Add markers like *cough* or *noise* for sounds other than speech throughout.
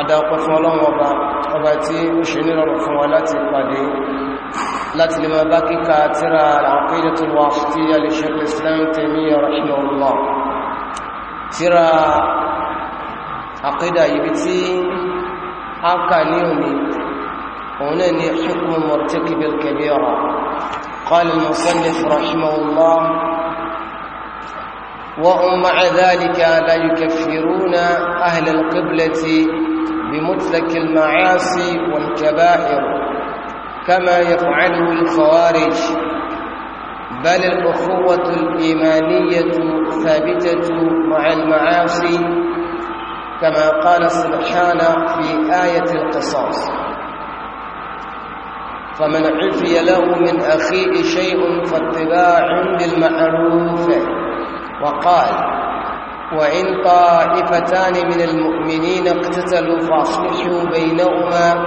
adáwọ̀pọ̀ fún ọlọ́run ọba ọba tí ó ṣe nírọ̀rùn fún wa láti pàdé láti lè máa bá kíkà tíra al-Aqidatul Wasitiyya li Shaykh al-Islam Taymiyyah rahimahullah tíra àkídà ibi tí a kà ní òní وهم مع ذلك لا يكفرون أهل القبلة بمطلق المعاصي والكبائر كما يفعله الخوارج بل الأخوة الإيمانية ثابتة مع المعاصي كما قال سبحانه في آية القصاص فمن عفي له من أخيه شيء فاتباع بالمعروف وقال وإن طائفتان من المؤمنين اقتتلوا فأصلحوا بينهما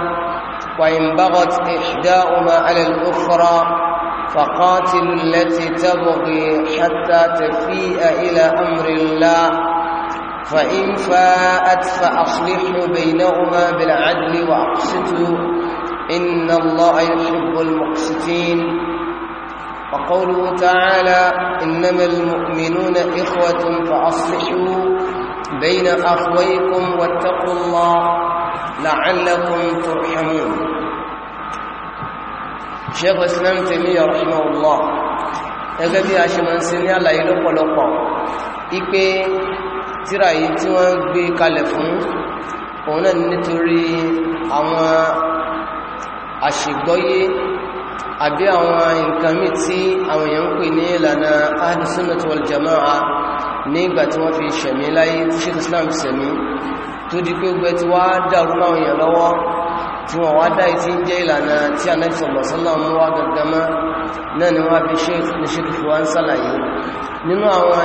وإن بغت إحداهما على الأخرى فقاتلوا التي تبغي حتى تفيء إلى أمر الله فإن فاءت فأصلحوا بينهما بالعدل وأقسطوا إن الله يحب المقسطين وقوله تعالى إنما المؤمنون إخوة فأصلحوا بين أخويكم واتقوا الله لعلكم ترحمون شيخ الإسلام تيمية رحمه الله gẹ́gẹ́ bí a ṣe máa ń ṣe ní àlàyé lọ́pọ̀lọpọ̀ ipé tíra yìí tí wọ́n gbé kalẹ̀ fún òun náà nítorí àwọn àṣìgbọ́yé àbí àwọn nǹkan mí tí àwọn èèyàn ń pè ní ìlànà ahlùsúnnàtí wal jama'a ní ìgbà tí wọ́n fi ṣẹ̀mí láyé tí ṣe islam ṣẹ̀mí tó di pé gbẹ́ tí wá dárú láwọn èèyàn lọ́wọ́ tí wọ́n wá dá ìtí ń jẹ́ ìlànà tí Ànábì sallallahu wá gaggama ni wọ́n fi ṣéèkì fi wá ń sàlàyé nínú àwọn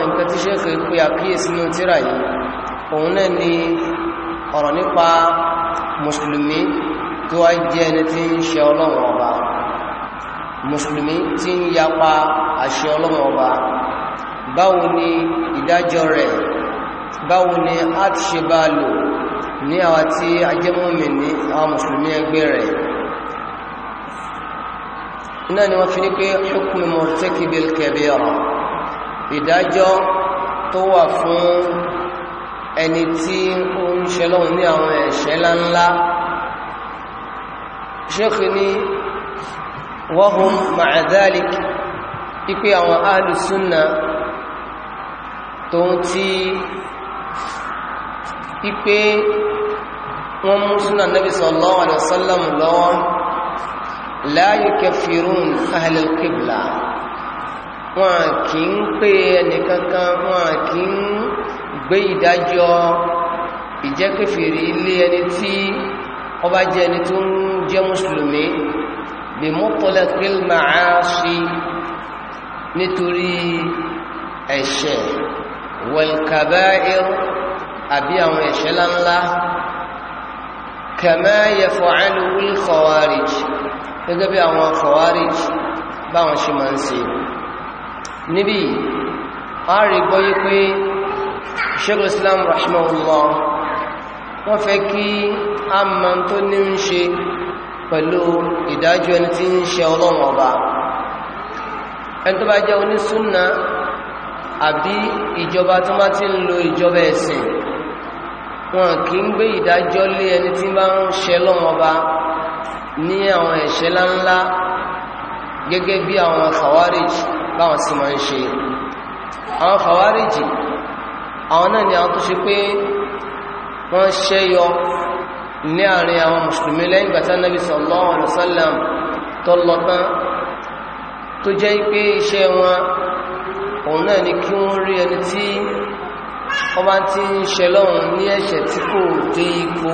mùsùlùmí tí ń yapa àṣẹ ọlọ́run ọba báwo ni ìdájọ́ rẹ̀ báwo ni a ti ṣe bá lò ní àwa tí a jẹ́ mọ́mí ní àwọn mùsùlùmí ẹgbẹ́ rẹ̀ náà ni wọ́n fi ní pé hukmi murtakibil kabira ìdájọ́ tó wà fún ẹni tí ó ń ṣẹlọ́run ní àwọn ẹ̀ṣẹ̀ ńláńlá ṣéèkì ní wọ́hùn ma'adalik ipé àwọn alùsúnnà tó ń tí ipé wọ́n mú súnnà nabi sallallahu alaihi wasallam lọ́wọ́ la yukaffirun ahlul qibla wọn kì ń pé ẹnìkankan wọn kì ń gbé ìdájọ́ ìjẹ́kẹfèrè ilé ẹni tí ọba jẹ́ ẹni tó ń jẹ́ mùsùlùmí bí mutlaqil ma'asi nítorí ẹ̀ṣẹ̀ wal kaba'ir àbí àwọn ẹ̀ṣẹ̀ láńlá kama yaf'alu al khawarij gẹ́gẹ́ bí àwọn khawarij báwọn ṣe máa ń ṣe níbi a rí gbọ́yí pé ṣẹ́gun islam rahimahullah wọ́n fẹ́ kí a máa tó ní ń ṣe pẹ̀lú ìdájọ́ ẹni tí ń ṣe ọlọ́run ọba ẹni tó bá jẹ́ onísúnna àbí ìjọba tó bá ti ń lo ìjọba ẹ̀sìn wọn kì í gbé ìdájọ́ lé ẹni tí bá ń ṣe ọlọ́run ọba ní àwọn ẹ̀ṣẹ̀ láńlá gẹ́gẹ́ bí àwọn khawarij báwọn sì máa ń ṣe àwọn khawarij àwọn náà ni àwọn tó ṣe pé wọ́n ṣẹ́yọ ní àárín àwọn mùsùlùmí lẹ́yìn gbàtà nàbí sallallahu alaihi wasallam tó lọ́tán tó jẹ́ pé iṣẹ́ wọn òun náà ni kí wọ́n rí ẹni tí wọ́n bá ti ń ṣe lọ́run ní ẹ̀ṣẹ̀ tí kò dé ipò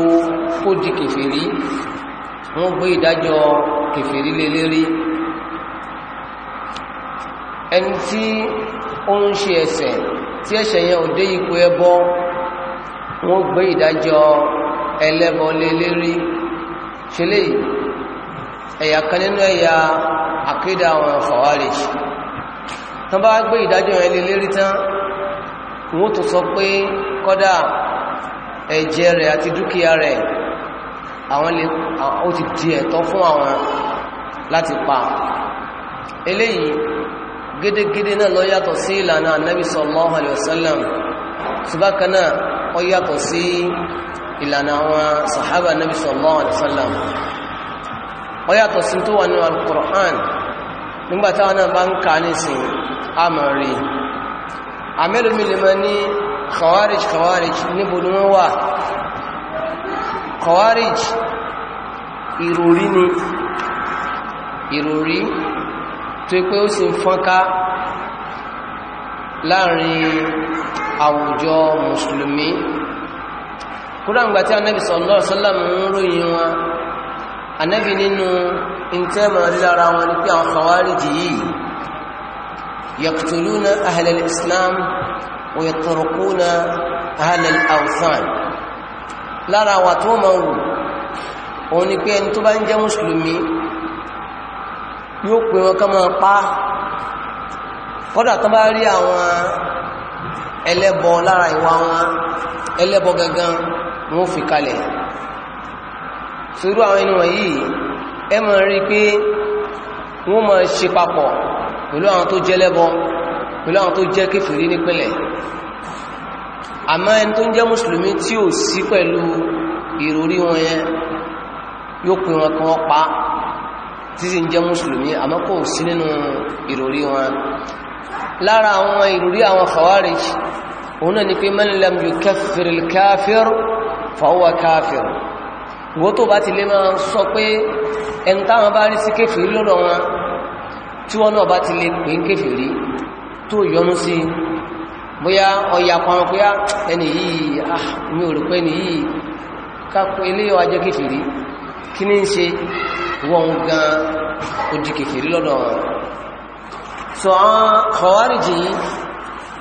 kó di kèfèrí wọ́n gbé ìdájọ́ kèfèrí lé ẹni tí ó ń ṣe ẹ̀ṣẹ̀ tí ẹ̀ṣẹ̀ yẹn ò dé ipò ẹbọ wọ́n gbé ìdájọ́ ẹlẹ́bọ̀lélẹ́rí ṣẹlẹ̀ ẹ̀yà kan nínú ẹ̀yà àkídà àwọn Khawarij tán bá gbé ìdájọ́ ẹlẹ́lérí tán wọ́n tó sọ pé kọ́dà ẹ̀jẹ̀ rẹ̀ àti dúkìá rẹ̀ àwọn lè ó ti di ẹ̀tọ́ fún àwọn láti pa eléyìí gédégédé náà lọ yàtọ̀ sí ìlànà Ànábì sallallahu alaihi wasallam ṣùgbákanáà ó yàtọ̀ sí ìlànà àwọn sàhábà nabi sallallahu alaihi wasallam ó yàtọ̀ sí tó wà ní al-Qur'an nígbàtá wọn náà bá ń ka ní sin amọ̀rí amẹ́lùmílìmọ̀ ní khawarij khawarij níbo ni wọ́n wà khawarij ìròrí ni ìròrí tó pé ó sì fọ́nká láàrin àwùjọ mùsùlùmí kúrò àgbà tí anábì sallallahu alaihi wasallam ń ròyìn wọn anábì nínú ìtẹ́mọ̀ lára wọn ní pé àwọn khawariji yìí yaqtuluna ahlal islam wa na ahlal awthan lára wà tó mọ̀ wù òun ni pé ẹni tó bá ń jẹ́ musulmi yóò pè wọn ká máa pa kọ́dà tó bá rí àwọn ẹlẹ́bọ lára ìwà wọn ẹlẹ́bọ gangan wọ́n fi kalẹ̀ sórú àwọn ẹni wọ̀nyí ẹ mọ̀ rí pé wọ́n mọ̀ ṣe papọ̀ pẹ̀lú àwọn tó jẹ́ lẹ́bọ pẹ̀lú àwọn tó jẹ́ kéfèrí nípínlẹ̀ àmọ́ ẹni tó ń jẹ́ mùsùlùmí tí ò sí pẹ̀lú ìròrí wọn yẹn yóò pè wọn kí wọ́n pa títí ń jẹ́ mùsùlùmí àmọ́ kò sí nínú ìròrí wọn lára àwọn ìròrí àwọn khawarij òun náà ni pé man lam yukaffir fọwọ́ káfíìn ìwọ́n tó bá ti lè máa sọ pé ẹni táwọn bá rí sí kéfèrí lọ́dọ̀ wọn tí wọ́n náà bá ti lè pè ń kéfèrí tó yọnu sí bóyá ọya kan pé ah, ẹni yìí ah, mi ò rò pé ẹni yìí kápẹ́ eléyọ̀ ajẹ́ kéfèrí kí ní ṣe wọ́n gan odi kéfèrí lọ́dọ̀ wọn sọ àwọn Khawarij yìí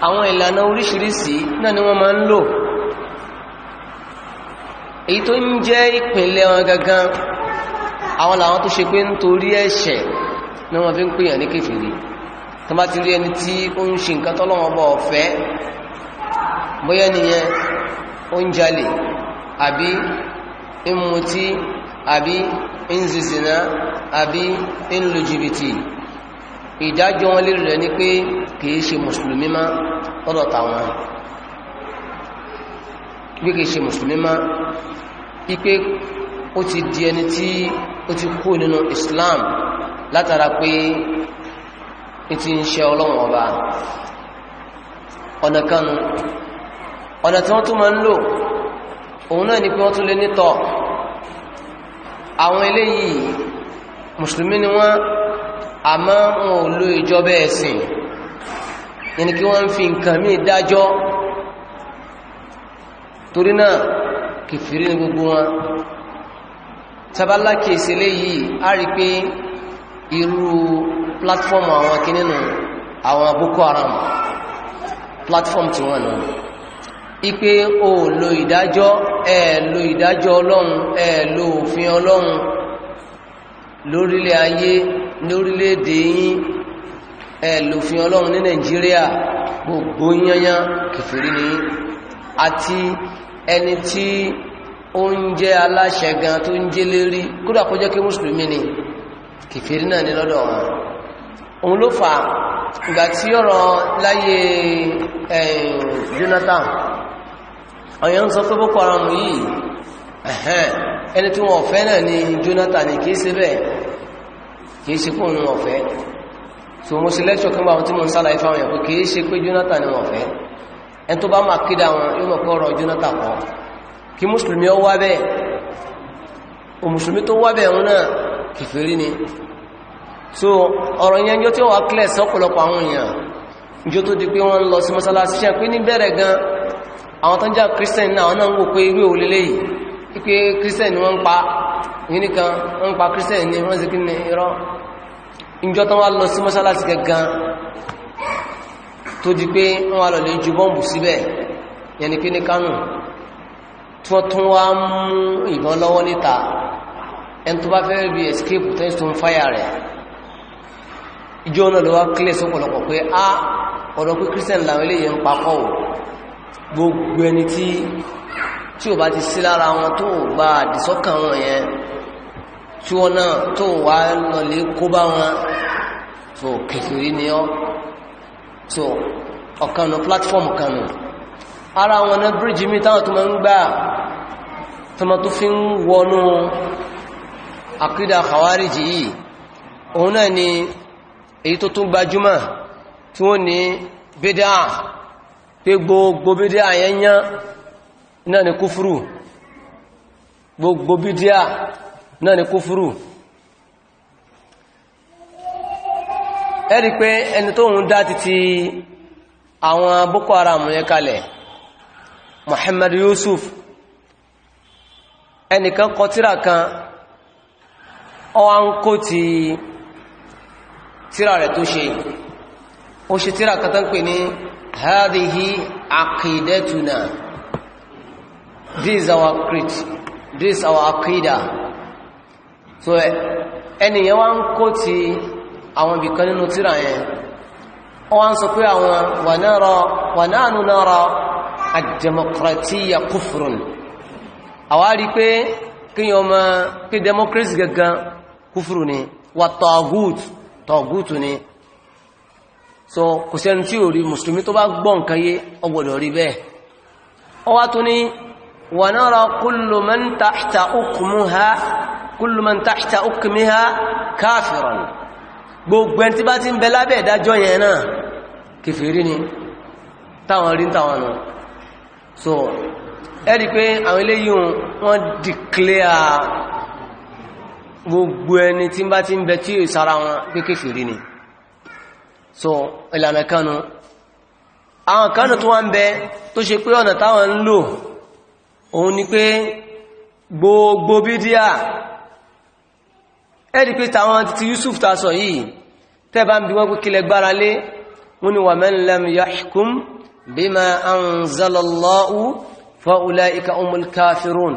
àwọn ìlànà oríṣiríṣi náà ni wọ́n máa ń lò èyí tó ń jẹ́ ìpínlẹ̀ wọn gangan àwọn làwọn tó ṣe pé nítorí ẹ̀ṣẹ̀ ni wọ́n fi ń pèyàn ní kèfèrí tó bá ti rí ẹni tí ó ń ṣe nǹkan tọ́lọ́wọ́n bọ̀ ọ̀fẹ́ bóyá nìyẹn ó ń jalè àbí ń mutí àbí ń àbí ń jìbìtì ìdájọ́ wọn lérò rẹ̀ ni pé kìí ṣe mùsùlùmí má lọ́dọ̀ pé kìí ṣe mùsùlùmí má ipé ó ti di ẹni tí ó ti kú nínú Islam látara pé ti ń ṣe ọlọ́wọ̀n ọba ọ̀nà kanu ọ̀nà tí wọ́n tún máa ń lò òun náà ni pé wọ́n tún lè nítọ̀ àwọn eléyìí mùsùlùmí ni wọ́n àmọ́ wọn ò lo ìjọba ẹ̀sìn yẹni kí wọ́n ń fi nǹkan míì dájọ́ torí náà kèfèrí ní gbogbo wọn tabala kèsì léyìí a rí pé irú platform àwọn akínínú àwọn Boko Haram platform tí wọ́n nù ipe o lo ìdájọ́ ẹ lo ìdájọ́ ọlọ́run ẹ lo òfin ọlọ́run lórílẹ̀ ayé lórílẹ̀-èdè yín ẹ lòfin ọlọ́run ní Nàìjíríà gbogbo yányán kèfèrí ní àti ẹni tí ó ń jẹ́ aláṣẹ gan tó ń jẹ́ lérí kódà kó jẹ́ kí mùsùlùmí ni kìfèrí náà ní lọ́dọ̀ wọn òun ló fà ìgbà tí ọ̀rọ̀ láyé eh, Jonathan ọ̀yàn ń sọ pé boko haram yìí ẹni tí wọ́n fẹ́ náà ni Jonathan ni kìí ṣe bẹ́ẹ̀ kìí ṣe kóhun wọ́n fẹ́ so mo ṣe lẹ́ṣọ́ kí wọ́n tí mo ń sálàyé fáwọn èèyàn kìí ṣe pé Jonathan ni wọ́n fẹ́ ẹni tó bá máa kéde àwọn yóò mọ̀ pé ọ̀rọ̀ Jonathan kọ́ kí mùsùlùmí ó wá bẹ́ẹ̀ o mùsùlùmí tó wá bẹ́ẹ̀ òun náà kìfèrí ni so ọ̀rọ̀ yẹn jọ tí ó wà clear sọ́pọ̀lọpọ̀ àwọn èèyàn jọ tó di pé wọ́n lọ sí mọ́sálásí ṣe pé ní bẹ̀rẹ̀ gan àwọn pa yìí nìkan wọ́n pa christian ni wọ́n sì ni irọ́ ìjọ tó wá lọ sí mọ́sálásí gangan tó di pé wọ́n wá lọ̀lẹ́ ju bọ́m̀bù síbẹ̀ yẹn ni pé ní kánù tí wọ́n tún wá mú ìbọn lọ́wọ́ níta ẹn tó bá fẹ́ bí escape tó ń sun fáyà rẹ̀ ìjọ náà ló wá kílẹ̀ sọ́pọ̀lọpọ̀ pé a ọ̀dọ̀ pé christian làwọn eléyìí ń pakọ́ ò gbogbo ẹni tí tí ò bá ti sí lára wọn tó gba àdìsọ́kàn wọn yẹn tí wọn náà tó wá lọlé kó bá wọn tó kèfèrí ni ọ́ so ọ̀kanù platform kanù ara wọn náà bíríjì mi táwọn tó máa ń gbà tọmọ tó fi ń wọnú àkídà khawariji yìí òun náà ni èyí tó tún gbajúmọ̀ tí wọ́n ní bídá pé gbogbo bídá àyẹnyá náà ni kúfúrù gbogbo bídá náà ni kúfúrù ẹ̀rí pé ẹni tó ń dá títí àwọn Boko Haram yẹn kalẹ̀ Yusuf ẹnìkan kọ kan ọwá ń kó ti tírà rẹ̀ tó ṣe ó ṣe tírà kan tó pè ní hadihi this so wá ń àwọn ibìkan nínú tíra yẹn wọ́n sọ pé àwọn wà náà nù náà rọ àdèmọ̀kìrátìyà kúfùrùn àwárí pé kíyàn ọmọ pé democracy gangan kúfùrù ni wà tọ̀gùt tọ̀gùt ni so kò sẹ́ni tí ò rí mùsùlùmí tó bá gbọ́ nǹkan yé ọgbọ̀dọ̀ rí bẹ́ẹ̀ ó wá tún ní wà náà rọ kúlù man gbogbo ẹni tí bá ti ń bẹ lábẹ́ ìdájọ́ yẹn náà kèfèrí ni táwọn rí táwọn nù so ẹ́rí pé àwọn eléyìí wọ́n dìklẹ́à gbogbo ẹni tí bá ti ń bẹ tí ìsára wọn pé kèfèrí ni so ìlànà kanu àwọn kanu tó wá ń bẹ tó ṣe pé ọ̀nà táwọn ń lò òun ni pé gbogbo bídíà ẹ̀rí pé tàwọn títí Yusuf ta sọ yìí tẹ́bà ń bí wọ́n kílẹ̀ gbára lé wọ́n ni wa man lam yahkum bima anzalallahu fa ulaika umul kafirun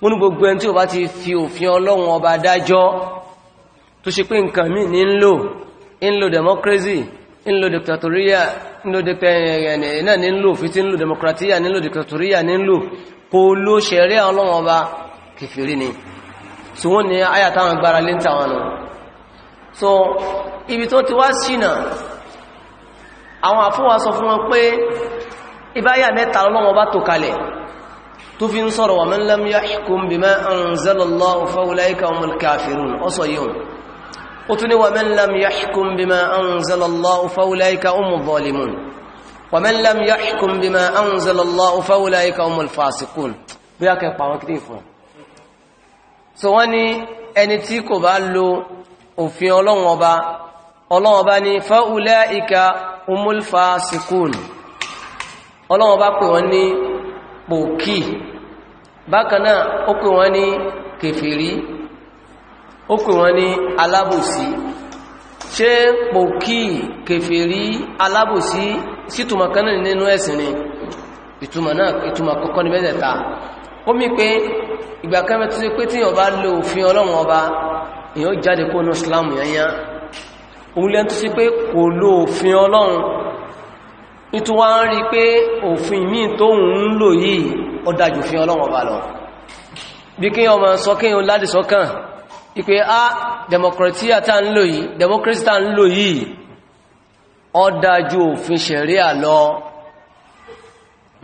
wọ́n ni gbogbo ẹni tí ó bá ti fi òfin Ọlọ́run ọba dájọ́ tó ṣe pé nǹkan míì ní ń lò ń lò democracy ń lò dictatoria ń lò eh, eh, eh, dictatoria ń lò kò ló ṣẹ̀rí Ọlọ́run ọba kèfèrí ni so wọ́n ni àyà táwọn gbára lé tàwọn nù so ibi tó ti wá ṣìnà àwọn àfúnwà sọ fún wọn pé ibáyà mẹ́ta lọ́wọ́ bá tò kalẹ̀ tó fi ń sọ̀rọ̀ wà man lam yahkum bima anzalallahu fa ulaika humul kafirun ọsọ yíò ó tún ní wà man lam yahkum bima anzalallahu fa ulaika humuz bí a kẹ pàwọn kìrì fún so wọ́n ní ẹni tí kò bá lo òfin ọlọ́run ọba ọlọ́run ọba ní fáwulẹ̀ ìka umulfa sikun ọlọ́run ọba pè wọ́n ní pòkì bákan náà ó pè wọ́n ní kèfèrí ó pè wọ́n ní alábòsí ṣé pòkì kèfèrí alábòsí sí ìtumọ̀ kan náà nínú ẹ̀sìn ni ìtumọ̀ náà ní mẹ́tẹ̀ẹ̀ta ó mí pé ìgbà kẹ́mẹ́ tó ṣe pé tí èèyàn bá lo òfin ọlọ́run ọba èèyàn jáde kó nu islam yányá òun lẹ́nu tó ṣe pé kò lo òfin ọlọ́run nítorí ń rí pé òfin míì tó ń lò yìí ó dájú ọlọ́run ọba a democracy tá ń lò yìí democracy tá ń lọ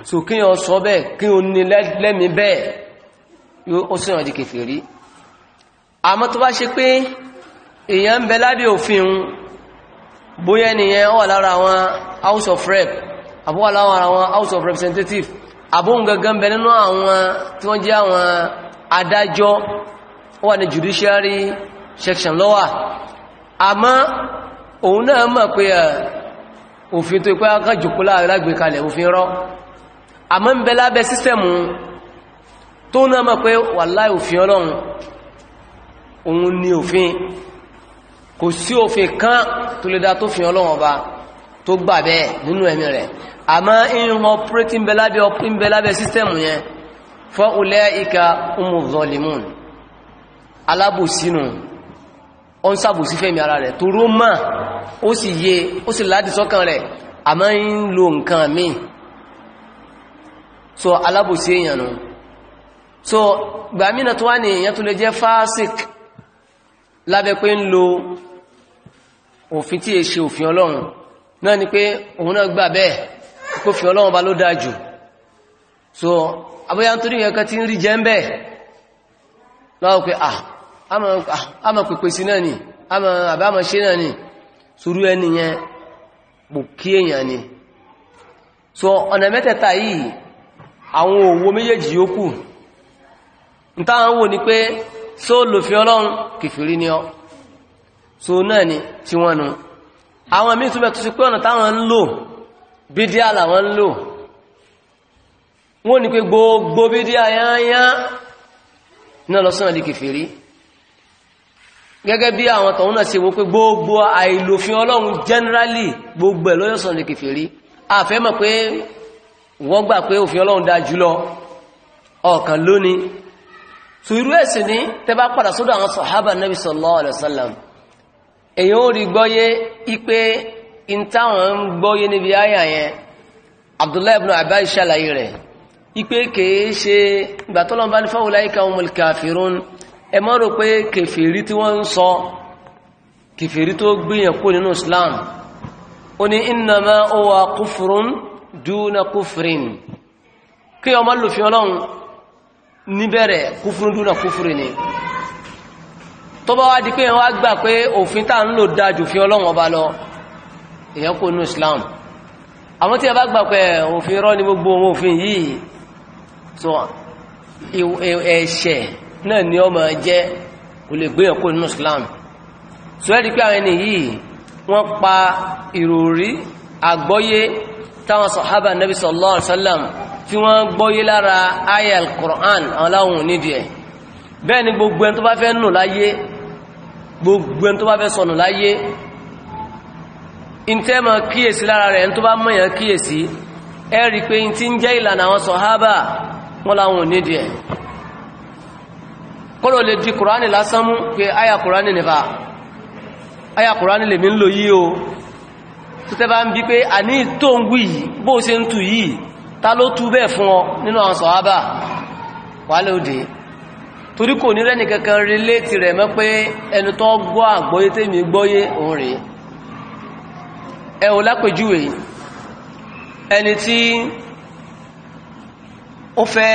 so kí yàn sọ bẹ́ẹ̀ kí o ní lẹ́mí bẹ́ẹ̀ yóò ó sì rànjí kèfè rí àmọ́ tó bá ṣe pé èèyàn ń bẹ lábẹ́ òfin un nìyẹn wà lára àwọn house of rep àbó wà lára àwọn house of representative àbóhùn gangan bẹ nínú àwọn tí wọ́n jẹ́ àwọn adájọ́ wà ní judiciary section lọ́wà àmọ́ òun náà mọ̀ pé òfin tó ipá kan jòkó lágbèkalẹ̀ òfin rọ́ àmọ́ ń bẹ lábẹ́ sísẹ̀mù tó náà mọ̀ pé wàláhì òfin ọlọ́run òun ni òfin kò sí òfin kan tó lè dá tó fi ọlọ́run ọba tó gbà bẹ́ẹ̀ nínú ẹ̀mí rẹ̀ àmọ́ ìhun ọpúrétí ń bẹ lábẹ́ ọpúrétí ń bẹ lábẹ́ sísẹ̀mù yẹn fọ́ ulẹ́ ìka umuzolimun alábòsínú ọ ń sàbòsí fẹ́mi ara rẹ̀ tó ró mọ́ ó sì yé ó sì ládìsọ́kàn rẹ̀ àmọ́ ń lo nǹkan míì so alábòsí èèyàn nù so gbàmínà tó wá ní èèyàn tó lè jẹ́ fásik lábẹ́ pé ń lo òfin tí è ṣe òfin ọlọ́run náà ni pé òun náà gbà bẹ́ẹ̀ kó fi ọlọ́run bá ló dáa jù so abóyá ń torí ẹ̀kọ́ tí ń rí jẹ́ ń bẹ́ẹ̀ lọ́wọ́ pé àmà ah, ah, pèpè sí náà so ọ̀nà mẹ́tẹ̀ẹ̀ta yìí àwọn òwò méjèèjì yókù n táwọn wò ní pé só lòfin ọlọ́run kìfìrí ni ọ so náà ni tí wọ́n nu àwọn míì tó bẹ̀ tó sí pé ọ̀nà táwọn ń lò bídíà làwọn ń lò wọ́n ní pé gbogbo bídíà yányá náà lọ́sán àdí kìfìrí gẹ́gẹ́ bí àwọn tọ̀hún náà ṣe wó pé gbogbo àìlòfin ọlọ́run generally gbogbo ẹ̀ lọ́yọ́sán àdí kìfìrí àfẹ́ pé wọ́n gbà pé òfin ọlọ́run dáa jùlọ ọ̀kan lónìí tó irú ẹ̀sìn ní tẹ́bá padà sódò àwọn sọ̀hábà nẹ́bí sallallahu alaihi wasallam èyàn ó rí gbọ́yé ipé ìntáwọn ń gbọ́yé níbi àyà yẹn Abdullahi ibn Abbas ṣàlàyé rẹ̀ ipé kèé ṣe ìgbà tó lọ́n bá ní fáwọn láyíká umul kafirun ẹ mọ́ rò pé kèfèrí tí wọ́n ń sọ kèfèrí tó gbìyànjú nínú Islam ó ní innama huwa kufrun dúnà kúfìrín kí ọmọ lòfin ọlọ́run níbẹ̀rẹ̀ kúfìrín dúnà kúfìrín ni tó bá wá di pé wọ́n á gbà pé òfin tá ń lò dáa fi ọlọ́run ọba lọ èèyàn kò nú Islam àwọn tí a bá gbà pé òfin rọ́ ní gbogbo ohun òfin yìí so ẹ̀ṣẹ̀ náà ni ọmọ jẹ́ kò lè gbéyàn kó nú Islam so ẹ́ di pé àwọn ẹni yìí wọ́n pa ìròrí àgbọ́yé táwọn sọ̀hábà nabi sallallahu alaihi wasallam tí wọ́n gbọ́yé lára ayal Qur'an àwọn aláwọn onídìí ẹ̀ bẹ́ẹ̀ ni gbogbo ẹni tó bá fẹ́ nù láyé gbogbo ẹni tó bá fẹ́ sọnù láyé ìtẹ́mọ̀ kíyèsí lára rẹ̀ tó bá mọ̀yàn kíyèsí ẹ rí pé in ti ń jẹ́ ìlànà àwọn sọ̀hábà wọ́n láwọn onídìí ẹ̀ kọ́lọ̀ lè di Qur'ani lásán mú pé ayà Qur'ani nìfà ayà Qur'ani lèmi ń lò yí o tó tẹ́bá ń bí pé àní tó ń wí yìí bó ṣe ń tù yìí ta ló tú bẹ́ẹ̀ fún ọ nínú àwọn sọ̀hábà wà lóde torí kò ní rẹ́ni kankan relétí rẹ̀ mọ́ pé ẹni tó gbọ́ àgbọ́yé tèmi gbọ́yé òun rèé ẹ ẹni tí ó fẹ́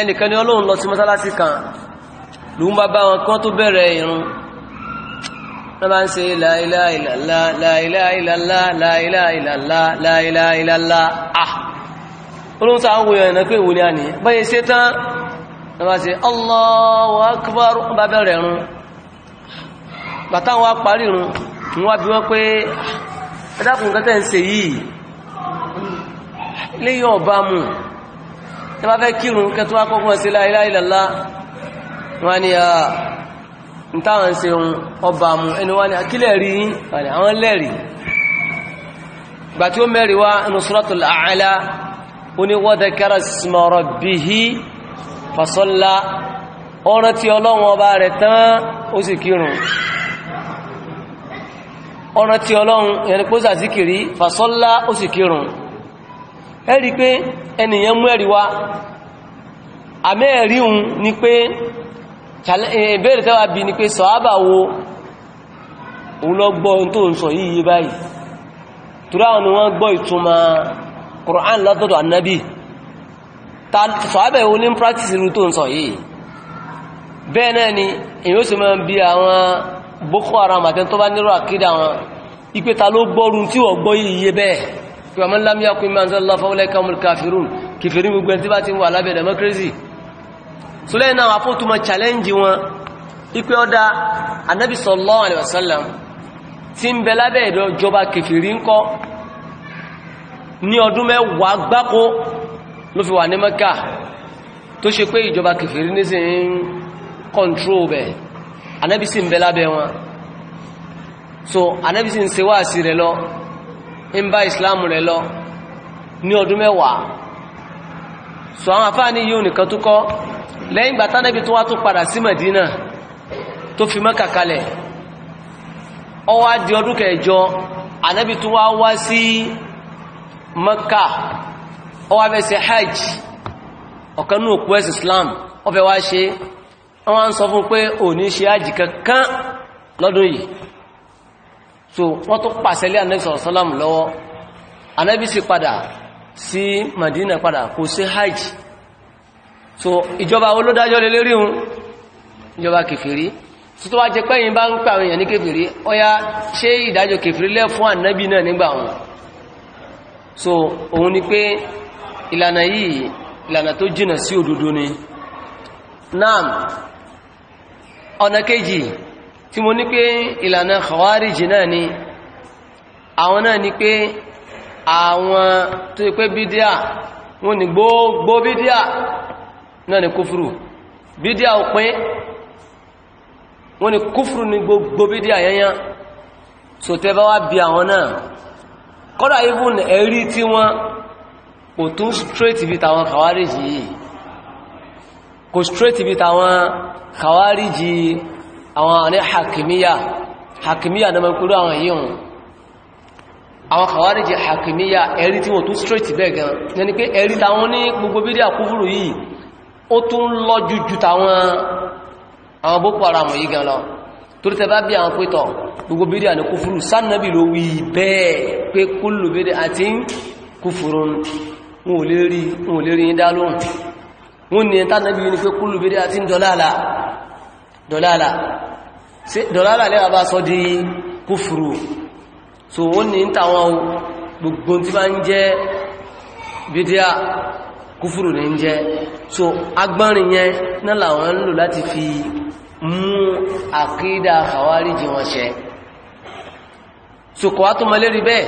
ẹnìkan ni ọlọ́run lọ sí mọ́sálásí kan lùú bá bá wọn kán tó bẹ̀rẹ̀ ìrun wọ́n bá ń ṣe láìláìlàlá láìláìlàlá láìláìlàlá láìláìlàlá ah olóhun sáà ń wo ẹ̀nà pé ìwò ni a ní báyé ṣe tán wọ́n bá ṣe Allahu akbar bá bẹ̀rẹ̀ rún bàtà wọn parí rún wọ́n bí wọ́n pé ah, ẹ̀dàkùn kẹta ń ṣe yìí ntáwọn ṣe ń ọba mu ẹni wá ní akílẹ̀ rí àlẹ́ àwọn lẹ́rìí gbà tí ó mẹ́rin wá inú suratul A'la ó ní wa dhakara isma rabbihi fa salla ọ̀rọ̀ tí ọlọ́run ọba rẹ̀ tán ó sì kírun ọ̀rọ̀ tí ọlọ́run ẹni pé ó sàzíkìrí mú ẹ̀rí wá àmẹ́ẹ̀ríhun ni pé Eh, ìbéèrè tẹ́wà bí ní pé sọ̀hábà wo òun lọ gbọ́ ohun tó ń sọ yìí báyìí torí àwọn ni wọ́n gbọ́ ìtumọ̀ Qur'an látọ̀dọ̀ annabi sọ̀hábà wo ní practice irú tó ń sọ yìí bẹ́ẹ̀ náà ni èyí ó sì máa ń bí àwọn Boko Haram àti tó bá nírò àkídà wọn ipe ta ló gbọ́run tí wọ́n gbọ́ yìí bẹ́ẹ̀ pẹ̀lú àmọ́ ìmọ̀ àti ọlọ́fà wọlé kìfèrí gbogbo ẹni tí bá ti wà lábẹ́ democracy sọlẹ́ náà afọ́túnmọ̀ challenge wọn ipe ọ̀dá anábì sallallahu alaihi wasallam tí ń bẹ lábẹ́ ìjọba kèfèrí ń kọ́ ní ọdún mẹ́wàá gbáko ló fi wà ní Mẹ́kà tó ṣe pé ìjọba kèfèrí ní sí ń control bẹ̀ anábì sì ń bẹ lábẹ́ wọn so anábì sì ń ṣe wáàsí rẹ̀ lọ ń bá ìsìláàmù rẹ̀ lọ ní ọdún mẹ́wàá so àwọn afáàní yìí ò nìkan tó kọ́ lẹ́yìn ìgbà tánẹ́bí tó wá tó padà sí Mẹ̀dínà tó fi Mẹ́kà kalẹ̀ ó wá di ọdún kẹjọ ànẹ́bí tó wá wá sí hajj òkú ẹ̀sì Islam ó wá ṣe wọ́n ń sọ fún pé ò ní ṣe hajj kankan lọ́dún yìí so wọ́n tó pàṣẹ lé sọ̀rọ̀ sọ́lámù lọ́wọ́ sì padà sí hajj so ìjọba olódájọ́ lè lérí hun ìjọba kèfèrí tó tó wá jẹ pẹ́yìn bá ń pè àwọn èèyàn ní kèfèrí ọya ṣé ìdájọ́ kèfèrí lẹ́ fún ànábì náà nígbà wọn so òun ni pé ìlànà yìí ìlànà tó jìnà sí òdodo ni naam ọ̀nà kejì tí mo ní pé ìlànà khawarij náà ni àwọn náà ni pé àwọn tó yẹ pé bídíà wọn ni gbogbo bídíà náà ni kúfúrù bídíà òpin wọ́n ni kúfúrù ní gbogbo bídíà yẹnyán so tẹ́fẹ́ wá bí àwọn náà kọ́dà even ẹ̀rí tí wọ́n kò tún straight bí tàwọn kàwáríjì yìí kò straight bí tàwọn kàwáríjì àwọn àní hakimiyya hakimiyya na mẹ́kúrú àwọn yìí hùn àwọn kàwáríjì hakimiyya ẹ̀rí tí wọ́n tún straight bẹ́ẹ̀ gan ní pé ẹ̀rí tàwọn ní gbogbo bídíà kúfúrù yìí ó tún lọ jújú tàwọn àwọn boko haram yìí gan lọ torí tẹ bá bí àwọn pẹ́tọ̀ gbogbo bídí à ní kúfúrú sánàbí ló wí bẹ́ẹ̀ pé kúlù bídí àti kúfúrú wọn ò lè rí ìdá lóhun wọn ni tánàbí ní pé kúlù bídí àti dọ̀láàlá dọ̀láàlá lẹ́wà bá sọ di kúfúrú so wọ́n ni tàwọn kúfúrù ní jẹ́ so agbọ́nrin yẹn náà làwọn ń lò láti fi mú àkídà àwáríjì wọn ṣẹ so kọ̀wá tó mọlé rí bẹ́ẹ̀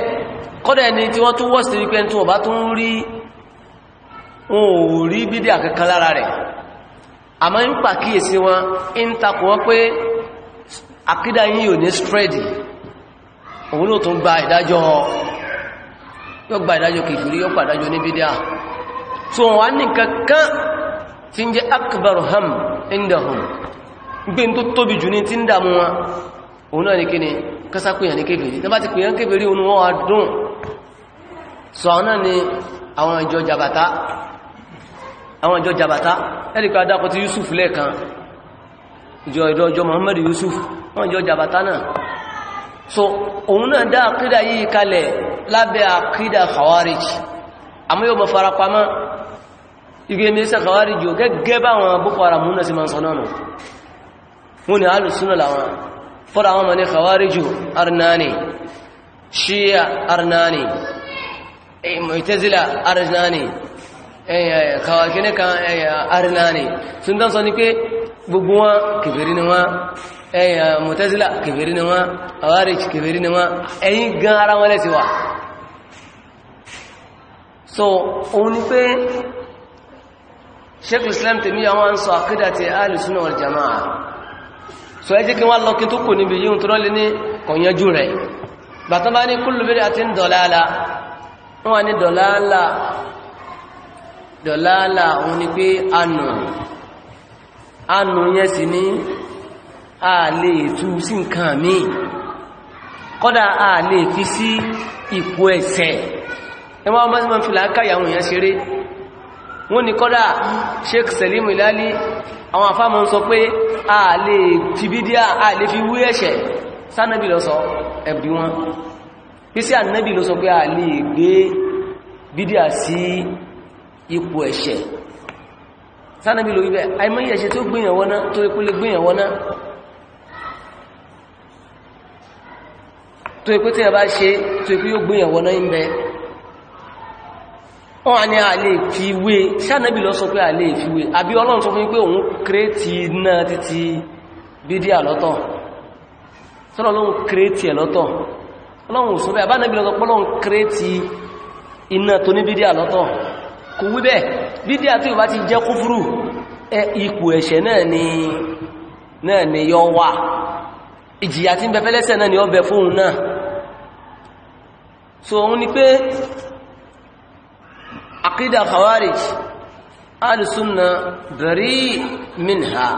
kọ́dà ẹni tí wọ́n tún wọ́ sí wípé tí wọ́n bá tún rí wọn ò rí bídí àkẹ́kẹ́ lára rẹ̀ àmọ́ ń pàkíyèsí wọn ń takò wọ́n pé àkídà yìí ò ní spreadi òun ló tún gba ìdájọ́ yóò gba ìdájọ́ kìfìrí yóò gba ìdájọ́ ní bídí à so wọ́n wá ní kankan tí ń jẹ́ akbar ham indahum gbé tó tóbi jù ní tí ń dàmú wọn òun náà ní kí ni kásákúyàn ní kéfèrí tó bá ti pèyàn kéfèrí òun wọ́n wá dùn so àwọn náà ni àwọn ìjọ jàbàtá àwọn ìjọ jàbàtá ẹ́rìkà adákọ̀ tí Yusuf lẹ́ẹ̀kan ìjọ ìjọ Muhammad Yusuf wọ́n ìjọ jàbàtá náà so òun náà dá àkídà yìí kalẹ̀ lábẹ́ àkídà khawarij àmúyọ́ mọ̀ farapamọ́ ike ní iṣẹ́ kàwárí jù gẹ́gẹ́ bá wọn Boko Haram múnà sí ma ń sọ náà wọn ni alùsúnà láwọn fọ́ra wọn ni kàwárí jù arnani shia arnani eh, mu'tazila arnani eh, eh, kàwàkíní kan arnani sun tán sọ ní pé gbogbo wọn kèfèrí ni wọn mu'tazila kèfèrí ni wọn kàwárí kèfèrí ni wọn ẹ̀yìn gan ara wọn lẹ́sí wa so òun ni pé sheikh islam tèmi àwọn ń sọ àkídà ti alìsúnà wal jama'a so ẹjí kí wọ́n lọ kí tó kò níbi yíò tó lọ́lẹ́ ní kọ̀nyẹ́jú rẹ̀ bàtán bá ní kullu bid'atin dalalah wọ́n ní dalalah dalalah òun ni pé anù anù yẹn sì wọ́n ní kọ́dá Sheikh Salim Ilali àwọn afáàmọ́ ń sọ pé a lè fi bídíà a lè fi wé ẹ̀ṣẹ̀ sánàbì lọ sọ ẹ̀bí wọn pí sí ànàbì lọ sọ pé a lè gbé bídíà sí ipò ẹ̀ṣẹ̀ sánàbì ló wíbẹ̀ àìmọ́yí ẹ̀ṣẹ̀ tó gbìyànwọ́ tó ikú lè gbìyànwọ́ wọ́n ni a lè fi wé ṣánàbí lọ sọ pé a lè fi wé àbí ọlọ́run sọ fún pé òun kírètì iná títí bídíà lọ́tọ̀ sọ́rọ̀ ọlọ́run kírètì ẹ̀ lọ́tọ̀ ọlọ́run sọ pé àbánàbí lọ́tọ̀ pọ́lọ́run kírètì iná tó ní bídíà lọ́tọ̀ kò wí bẹ́ẹ̀ bídíà tí ó ni náà ni yọ wà ni ọ bẹ so òun àkídà khawarij alùsùnà bẹ̀rí minha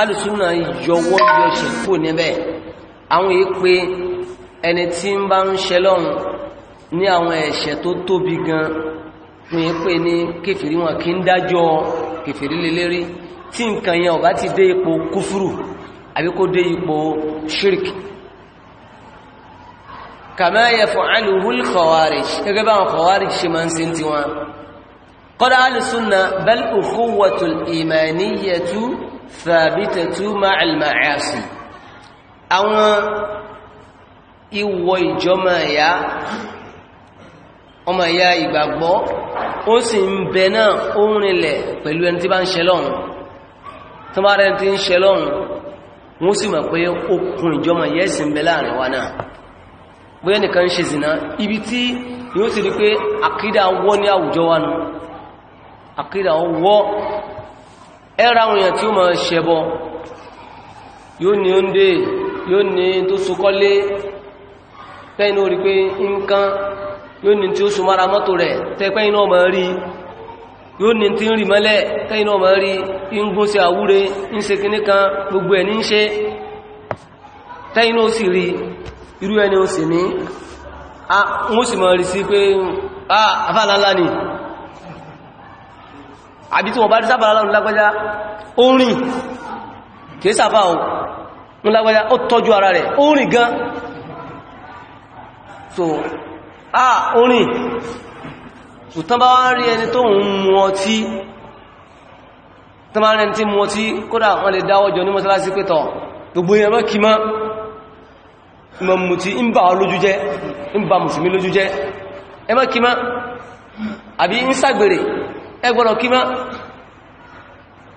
alùsùnà yọwọ́ yọṣẹ̀ kò níbẹ̀ àwọn èyí pé ẹni tí ń bá ń ṣe lọ́run ní àwọn ẹ̀ṣẹ̀ tó tóbi gan ní pé ní kèfèrí wọn kí ń dájọ́ kèfèrí lélẹ́rí tí nǹkan yẹn ò bá ti dé ipò kúfúrù àbí kó dé ipò shirk kàmáyẹ̀ fún alùhul khawarij gẹ́gẹ́ bá àwọn khawarij ṣe máa ń ṣe ti wọn قال أهل السنة بل أخوة الإيمانية ثابتة مع المعاصي àwọn ìwọ ìjọmọ̀ ẹ̀yà ọmọ ẹ̀yà ìgbàgbọ́ ó sì ń bẹ náà ó ń rinlẹ̀ pẹ̀lú ẹni tí bá ń ṣe lọ́run tó bá rẹ̀ tí ń ṣe lọ́run wọ́n sì mọ̀ pé okùn ìjọmọ̀ ẹ̀yà sì ń bẹ láàrin wa náà bóyá nìkan ń ṣe zìnà ibi tí yóò sì rí pé àkídà wọ́ ní àwùjọ wa nù àkídà ọwọ́ ẹ́ra àwọn èèyàn tí ó máa ṣẹbọ yóò ní oúnjẹ yóò ní tó sokọ́lé pẹ́yìn ó rí pé nǹkan yóò ní tí ó so mara mọ́tò rẹ̀ tẹ́pẹ́yìn náà máa rí yóò ní tí ń rí mọ́lẹ̀ tẹ́yìn náà máa rí ń sí àwúre ń ṣe kíní kan gbogbo ẹ̀ ní ń ṣe tẹ́yìn náà sì rí irú ẹni ó sì ní àbí tí wọ́n bá sábàrá lọ́nà lágbàjá ó rìn kìí sàfà ò ń lágbàjá ó tọ́jú ara rẹ̀ ó rìn gan so ah ó rìn sùtán bá wá rí ẹni tó ń mu ọtí tán bá rí ẹni tí mu ọtí kódà wọ́n lè dáwọ́ jọ ní mọ́sálásí pẹ́tọ̀ gbogbo ìyẹn mọ́ kí mọ́ ìmọ̀ mùtí ń bà kí mọ́ àbí ń sàgbèrè ẹgbọ́nà kí má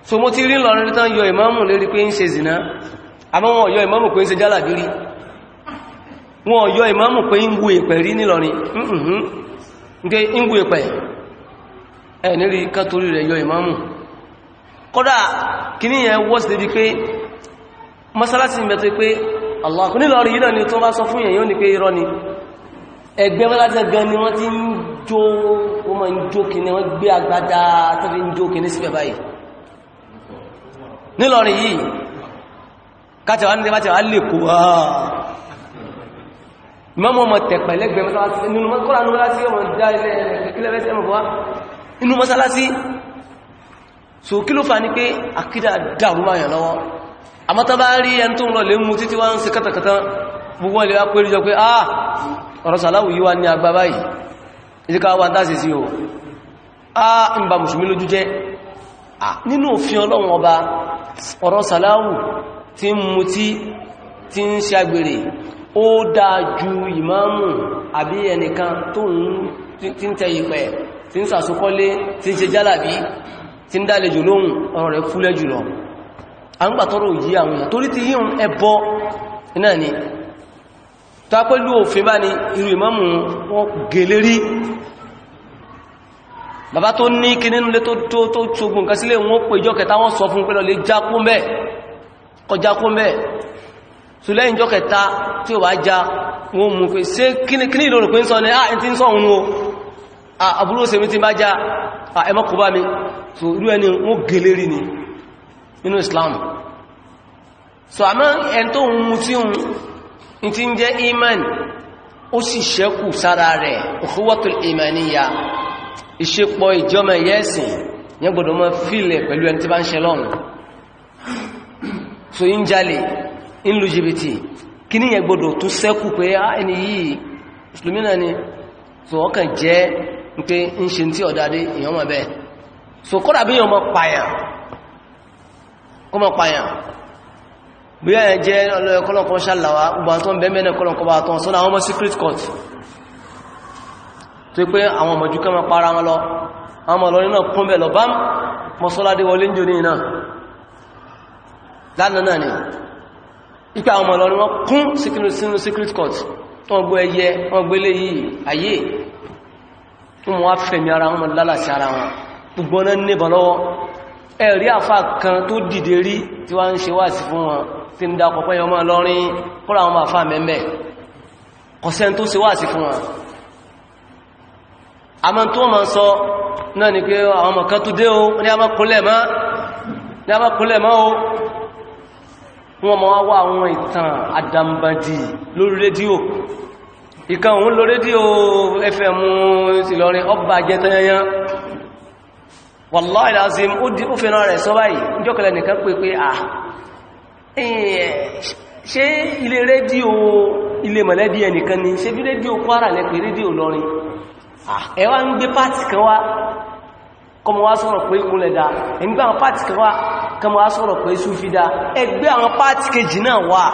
so mo ti rí lọrin tán yọ ìmáàmù lérí pé ń ṣe zìná àmọ́ wọn yọ ìmáàmù pé ń ṣe jálàbírí wọn yọ ìmáàmù pé ń wu èpẹ̀ rí nílọrin nke ń wu èpẹ̀ ẹ̀ nírí kátórí rẹ̀ yọ ìmáàmù kódà kí ní yẹn wọ́s débi pé pé Allah nílọrin ni pé ni ẹgbẹ́ mọ́láta gan ni wọ́n ti ń jó wọ́n ma ń jó kìíní wọ́n gbé agbádá tó fi ń jó kìíní síbẹ̀ báyìí nílọrin yìí kátẹ̀wà ní kátẹ̀wà lè kó wá ah. mọ́mọ́ mọ̀ tẹ̀pẹ̀ lẹ́gbẹ̀ẹ́ mọ́láta gbogbo ẹ̀lẹ́wà pẹ̀lú jọ pé ah ọ̀rọ̀ sàláwù yíwá ní agbá báyìí ìdíká wá dáṣe sí o a ń ba mùsùlùmí lójú jẹ́ nínú òfin ọlọ́run ọba ọ̀rọ̀ sàláwù tí ń mutí tí ń ṣàgbèrè ó dáa ju ìmáàmù àbí ẹnìkan tó ń tẹ ìpẹ̀ tí ń sàsókọ́lé tí ń ṣe jálàbí tí ń dálejò lóhun ọ̀rọ̀ rẹ̀ fúlẹ̀ jùlọ a ń gbàtọ́rọ̀ yí àwọn èèyàn torí ti yíò ẹbọ náà ni tó pẹ̀lú òfin bá ní irú ìmámù wọ́n gèlé rí bàbá tó ní kí nínú lé tó ṣogun nǹkan sílé wọ́n pè ìjọ kẹta wọ́n sọ fún pẹ́lọ lè jákún mẹ́ kọjá kún mẹ́ tó lẹ́yìn ìjọ kẹta tí ó bá já wọ́n mú pé ṣe kíní ìlòrò pé ń sọ ní ah, à ń sọ ah, ah, so irú ẹni wọ́n gèlé ni nínú Islam so àmọ́ ẹni tó ń n ti ń jẹ́ iman ó sì ṣẹ́kù sára rẹ̀ ukhuwatul imaniya ìṣepọ̀ ìjọmọ ìyẹ́sìn yẹn gbọ́dọ̀ mọ́ fílẹ̀ pẹ̀lú ẹni tí bá ń ṣe lọ́run so ń jalè ń lu jìbìtì kí ní yẹn gbọ́dọ̀ tó ṣẹ́kù pé á ah, ẹni yìí mùsùlùmí náà ni so wọ́n kàn jẹ́ pé ń ṣe tí ọ̀dáde èèyàn mọ̀ bẹ́ẹ̀ so kọ́dà bí èèyàn mọ̀ pààyàn bóyá ẹ̀ jẹ́ ọlọ́ẹ̀kọ́lọ́kan ṣàlàwà gbogbo àtọ́ bẹ́mẹ́nà kọ́lọ́kọ́ bá tán sọ́nà àwọn ọmọ secret court tó pé àwọn ọmọjú kẹ́ ma para wọn lọ àwọn ọmọ lọ́rin náà kún bẹ̀ lọ bá mọ́sọ́ládé wọlé jò ní iná ni ipẹ́ àwọn ọmọ lọ́rin wọn kún secret court wọ́n gbé ẹyẹ wọ́n gbé lé yìí ayé wọ́n wá fẹ̀mí ara wọn lálàsí ara ẹ̀rí àfà kan tó dìde rí tí wá ń ṣe wá sí fún wọn tí ń da ọ̀pọ̀ yọ máa lọ́rin kọ́lá wọn àfà mẹ́mẹ́ kọ̀sẹ́ tó ṣe wá sí fún wọn a máa tó máa sọ náà ni pé àwọn ọmọ kan tó dé o ní a máa kúnlẹ̀ mọ́ a máa kúnlẹ̀ mọ́ o wọ́n máa wá àwọn ìtàn àdàmbàdì lórí rédíò ìkan òun lórí rédíò fm ìsìlọrin ọba jẹ́ tẹ́yẹyán wallahi lazim ó fẹ́ràn rẹ̀ sọ báyìí níjọ́kẹ̀lẹ̀ nìkan pé pé à ah, eh, ṣe ilé rédíò ilé mọ̀lẹ́bí ẹnìkan ni ṣe bí rédíò Kwara lẹ́pẹ̀ rédíò lọrin ah, ẹwà ń gbé pàtì kan wá kọmọ wá sọ̀rọ̀ pé ìkúnlẹ̀ dá ẹgbẹ́ àwọn pàtì kan wá kọmọ wá sọ̀rọ̀ pé súfí dá ẹgbẹ́ àwọn pàtì kejì náà wà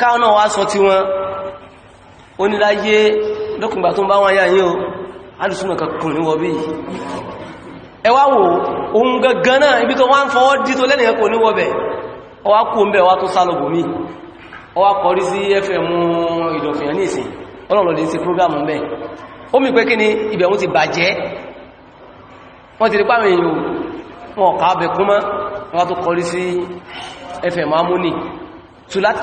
káwọn náà wá sọ tí wọn oníláyé lókùngbà tó ń bá wọn yá yín o alùsùn náà kankan níwọ̀ bí ẹwà wò ohun gangan náà ibi tó wá ń fọwọ́ dí tó lẹ́nìí ẹkùn níwọ̀bẹ̀ ọwá kú ń bẹ̀ wá tó sálọ̀bù mí ọwá kọrí sí fm ìdọ̀fìyàn ní ìsìn ọlọ́lọ́dí sí prógámù ń bẹ̀ ó mi pé kí ni ibẹ̀ wọ́n ti bàjẹ́ wọ́n ti rí pàmì èèyàn wọn kà á bẹ̀ kún mọ́ wọ́n tó kọrí sí fm amúnì ni láti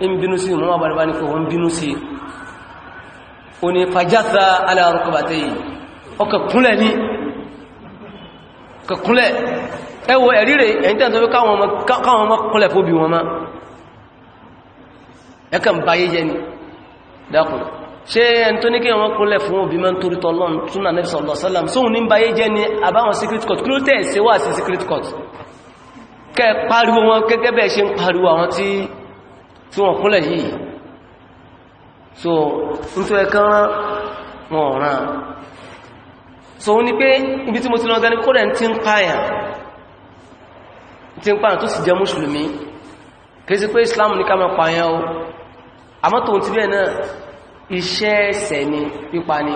in bínú sí mọ́ bàbá ní fòhun bínú sí o ní fàjáta alárùkọbàtẹ́ yìí ọkà kúnlẹ̀ ní kúnlẹ̀ ẹwọ ẹ̀rí rẹ̀ ẹ̀yìn tẹ́ tó káwọn ọmọ kúnlẹ̀ fóbi wọn má ẹkà ń báyé jẹ́ ni dákùn ṣe ẹni tó ní kí wọ́n kúnlẹ̀ fún òbí mẹ́ torí tọ́lọ́n súnà nẹ́bí sọ̀lọ́ sálàm sóhun ní báyé jẹ́ ni àbáwọn secret court kí ló tí wọ́n kúnlẹ̀ yìí so n tó ẹ̀kan rán wọn ọ̀ràn so ní pé ibi tí mo ti lọ gani kó rẹ̀ ti ń pààyàn tí ń pààyàn tó sì jẹ́ mùsùlùmí kìí sí pé Islam ní ká máa pààyàn o àmọ́ tòun ti bẹ́ẹ̀ náà iṣẹ́ ẹ̀ṣẹ̀ ni pípa ni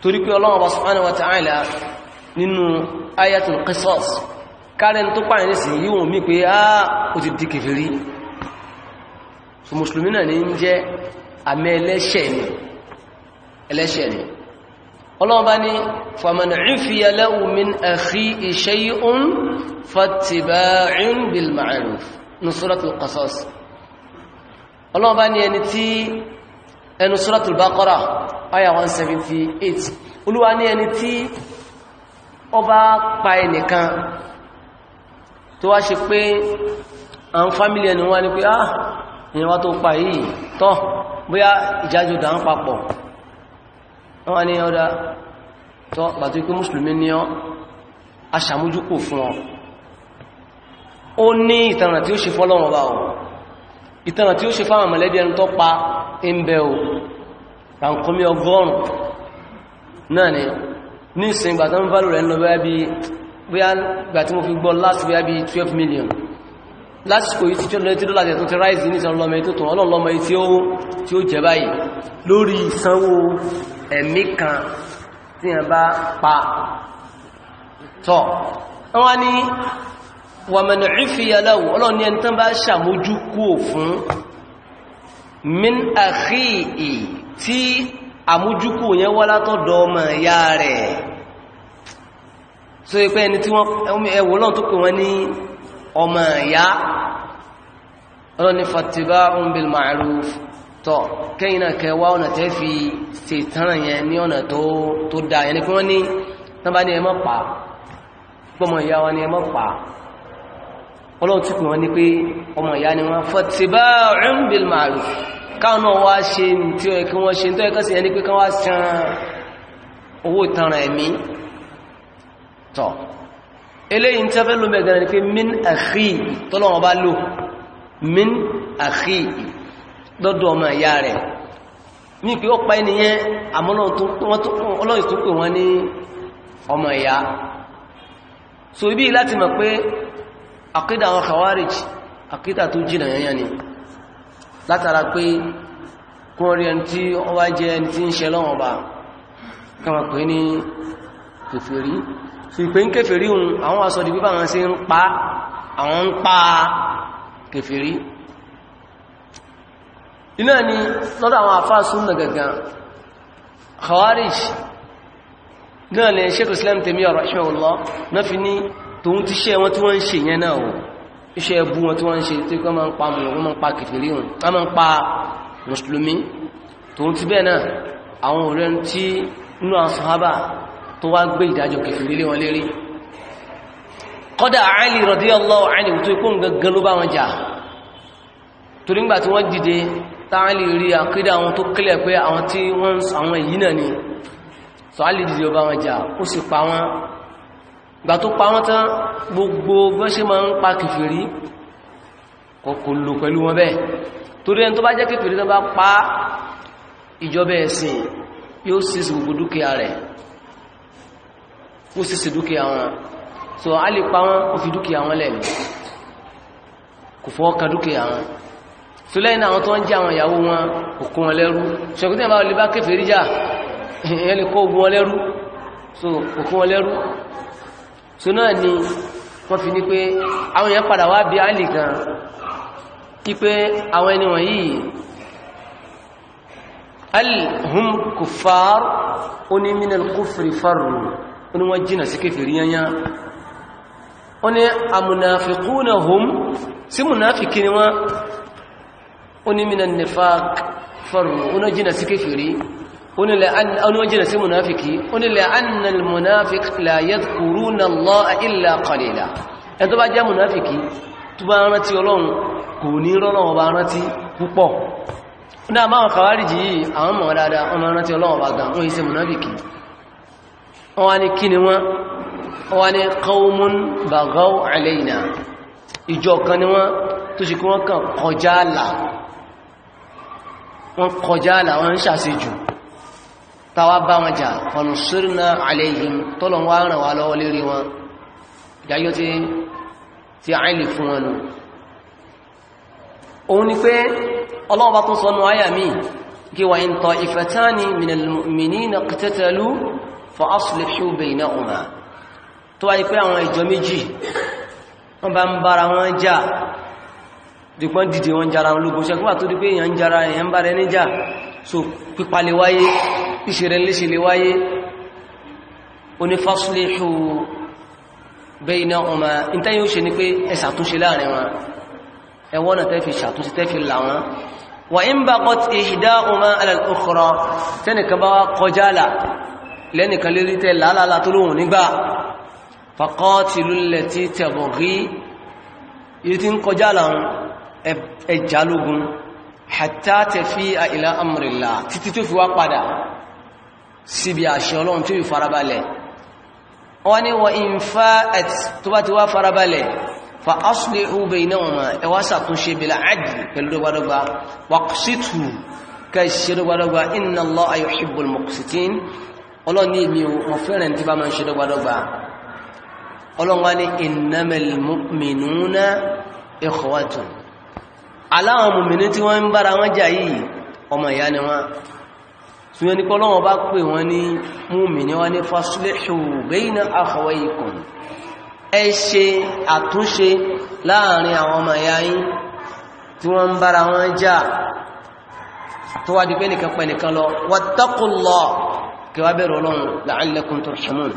torí pé Ọlọ́run qisas karen tó pààyàn sí yíwọ̀n mí pé á ah, so mùsùlùmí náà ní ń jẹ́ àmì ẹlẹ́ṣẹ̀ ni ẹlẹ́ṣẹ̀ ni ọlọ́ọ̀bá ní faman ufiya lahu min akhihi shay'un fattiba'un bil ma'ruf ní suratul qasas 178 olúwa ní ẹni tí ọba pa ẹnìkan tó wá ṣe pé àwọn fámílì ẹni wá ní pé ah ìyẹn wá tó pa yìí tọ́ bóyá ìjájú dà ń papọ̀ wọ́n ní ọdá tọ́ pàtó ikú mùsùlùmí ní ọ́ aṣàmójúkò fún ọ ó ní ìtànà tí ó ṣe fọ́lọ́wọ́n bá ọ ìtànà tí ó ṣe fáwọn mọ̀lẹ́bí ẹni tó pa ń bẹ o ràǹkọ́mí ọgọ́rùn náà ni ní ìsìn ìgbà tó ń bá lò rẹ̀ ń lọ bóyá 12 million lásìkò yìí tí tí ó lọ etí dọ́là tó ti ráìsì ní ìsànlọ́mọ ètò tàn ọlọ́lọ́mọ ètí tí ó jẹ báyìí lórí ìsanwó ẹ̀mí kan tí a bá pa tọ́ wọ́n ni wàmẹ̀nà ìfìyàlẹ́wò ọlọ́ni ẹni tán bá ṣàmójú kúò fún min àkíì tí ọmọ ìyá ọlọ́ni fatiba umbil ma'ruf tọ́ kẹ́yìn náà kẹwàá ọ̀nà tẹ́ fi ṣètàn yẹn ní ọ̀nà tó dáa yẹn ni pé wọ́n ní tánbá ní ẹmọ́ pa pọ́mọ ìyá wọn ni ẹmọ́ pa ọlọ́run tí kùn wọn ni pé ọmọ ìyá ni wọ́n fatiba umbil ma'ruf káwọn náà wá eléyìí tí a fẹ́ ló mẹ́gbẹ̀rẹ̀ ni pé min àkí tọ́lọ́wọ́ bá lò min àkí dọ́dọ̀ ọmọ ìyá rẹ̀ ní pé ó pa ẹniyẹn àmọ́lọ́yìn tó pè wọ́n ní ọmọ ìyá so ibi láti mọ̀ pé látara pé kún rí ẹni tí ó wá jẹ ẹni tí ń ṣe lọ́wọ́ bá kama pè ní kèfèrí so ìpé ń kèfèrí un àwọn di pípà wọn sí ń pa àwọn ń pa kèfèrí iná ni lọ́dọ̀ àwọn àfáà súnnà gangan khawarij náà ni sheikh islam Taymiyya rahimahullah náà fi ní tòun ti ṣe wọn tí wọ́n ń ṣe yẹn náà o iṣẹ́ ẹbú wọn tí wọ́n ń ṣe pa mùsùlùmí máa ń pa kèfèrí un wọ́n máa tó wá gbé ìdájọ́ kèfèrí lé wọn lérí kọ́dà Àlì radiyallahu anhu tó ikú gangan ló bá wọn jà torí ńgbà tí wọ́n dìde táàlì rí àkídà àwọn tó kílẹ̀ pé àwọn tí wọ́n àwọn èyí náà ni sọ Àlì dìde ó bá wọn jà ó sì pa wọn gbà tó pa wọn tán gbogbo bọ́n ṣe máa ń pa kèfèrí kò lò pẹ̀lú wọn bẹ́ẹ̀ torí ẹni tó bá jẹ́ kèfèrí tó bá pa ìjọba ẹ̀sìn yóò sì gbogbo dúkìá rẹ̀ ó sì sí dúkìá wọn so a lè pa wọn ó fi dúkìá wọn lẹ́nu kò fọ́ kan dúkìá wọn so lẹ́yìn àwọn tó ń jẹ́ àwọn ìyàwó wọn òkú wọn lẹ́rú ṣọ̀kútí ẹ̀bá olè bá kéfèrí jà *laughs* ẹ̀yẹ́ lè kó ogun wọn lẹ́rú farru ní wọ́n jìnà sí kéfèrí yányá wọ́n ni amùnàfikúnà hùm sí mùnàfikí ni wọ́n onímìnà nifaq farru wọ́n jìnà sí kéfèrí wọ́n jìnà sí mùnàfikí wọ́n ni la'anna al-munafiq la yadhkuruna Allaha illa qalila ẹn tó bá jẹ́ mùnàfikí tó bá rántí ọlọ́run kò ní rọ́lọ́wọ́ bá rántí púpọ̀ ní àmáwọn kàwárìjì yìí àwọn mọ̀ dáadáa ọmọ rántí ọlọ́wọ́ bá gan wọ́n yí sí mùnàfikí wọ́n wá ní kí ni wọ́n wọ́n wá ní qawmun baghaw alayna ìjọ kan ni wọ́n tó ṣe kí wọ́n kàn kọjá àlà wọ́n kọjá àlà wọ́n ń ṣàṣejù táwa bá wọn jà fanusirna alayhim tọ́lọ̀ wá ràn wá lọ́wọ́ lérí wọn minal mu'minina qitatalu fa aslihu baynahuma tó wáyé pé àwọn ìjọ méjì wọ́n bá ń bára wọn jà dìpọ́n dìde wọn jara wọn lógun ṣẹ́kúwà tó dí pé èèyàn jara èèyàn bára ẹni jà so pípa lè wáyé ìṣẹ̀rẹ̀ léṣe lè wáyé onífásúléhù bẹ́ẹ̀nà ọmọ ìtẹ́yìn ó ṣe ní bá kọ́ ti ìṣìdá ọmọ alàlùkọ́rọ̀ tẹ́nìkan bá kọjá là lẹ́nìkan lérí tẹ́ lálàlá tó lóhun nígbà faqatilu allati tabghi yìí tí ń kọjá láhun ẹjálógún hatta tafi'a ila amrillah títí tó fi wá padà síbi àṣẹ ọlọ́run tó yìí farabalẹ̀ wọ́n ọlọ́run ní èmi mo fẹ́ràn tí bá máa ń ṣe dọ́gbadọ́gba ọlọ́run wá ní innamal mu'minuna ikhwatun aláwọn mùmìnú tí wọ́n ń bára wọn jà yìí ọmọ ìyá ni wọ́n tún ẹni pọ́lọ́wọ́n bá pè wọ́n ní mùmìnú wọ́n ní faslihu bayna akhawaykum ẹ ṣe àtúnṣe láàrin àwọn ọmọ kẹwàá bẹ̀rù ọlọ́run la'allakum turhamun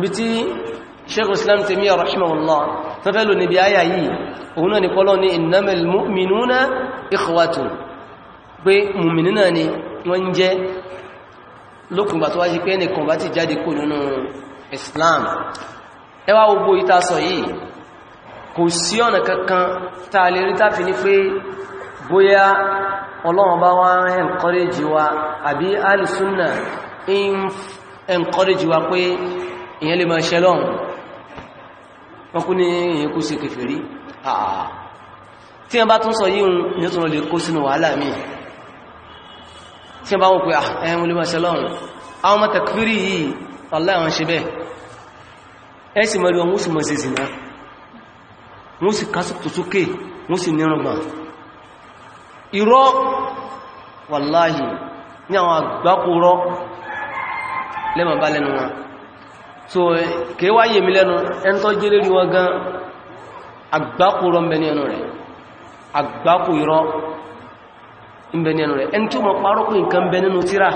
bí tí sheikh islam Taymiyyah rahimahullah tó fẹ́ lò níbi ayà yìí òun náà ni kọ́lọ́ ní innamal mu'minuna ikhwatun pé mùmìnì náà ni wọ́n jẹ́ lókùnbà tó wáyé pé ẹnìkan bá ti jáde àbí alìsúnnà encourage wa pé ìyẹn lè máa ṣẹlọ́n wọ́n kú ní ìyẹn kú sí kèfèrí àà tí wọ́n bá tún sọ yíò nítorí lè kó sínú wàhálà mi tí wọ́n bá wọ́n pé ah, ẹ̀yẹn lè máa ṣẹlọ́n àwọn ọmọ tẹ̀kfírí yìí wàlá àwọn ṣe bẹ́ẹ̀ ẹ sì mọ́rí wọn ó sì mọ́ sí ìsìnà wọ́n sì kásùkù sókè wọ́n sì nírùngbà irọ́ wàláhì ní àwọn àgbákòrọ́ lẹ́mọ̀ bá lẹ́nu wọn so kìí wáyé mi lẹ́nu ẹn tó jẹ́ lérí wọn gan agbákò rọ ní ẹnu rẹ̀ agbákò irọ́ ní ẹnu rẹ̀ ẹni tí mọ̀ parọ́ nǹkan mbẹ nínú tíra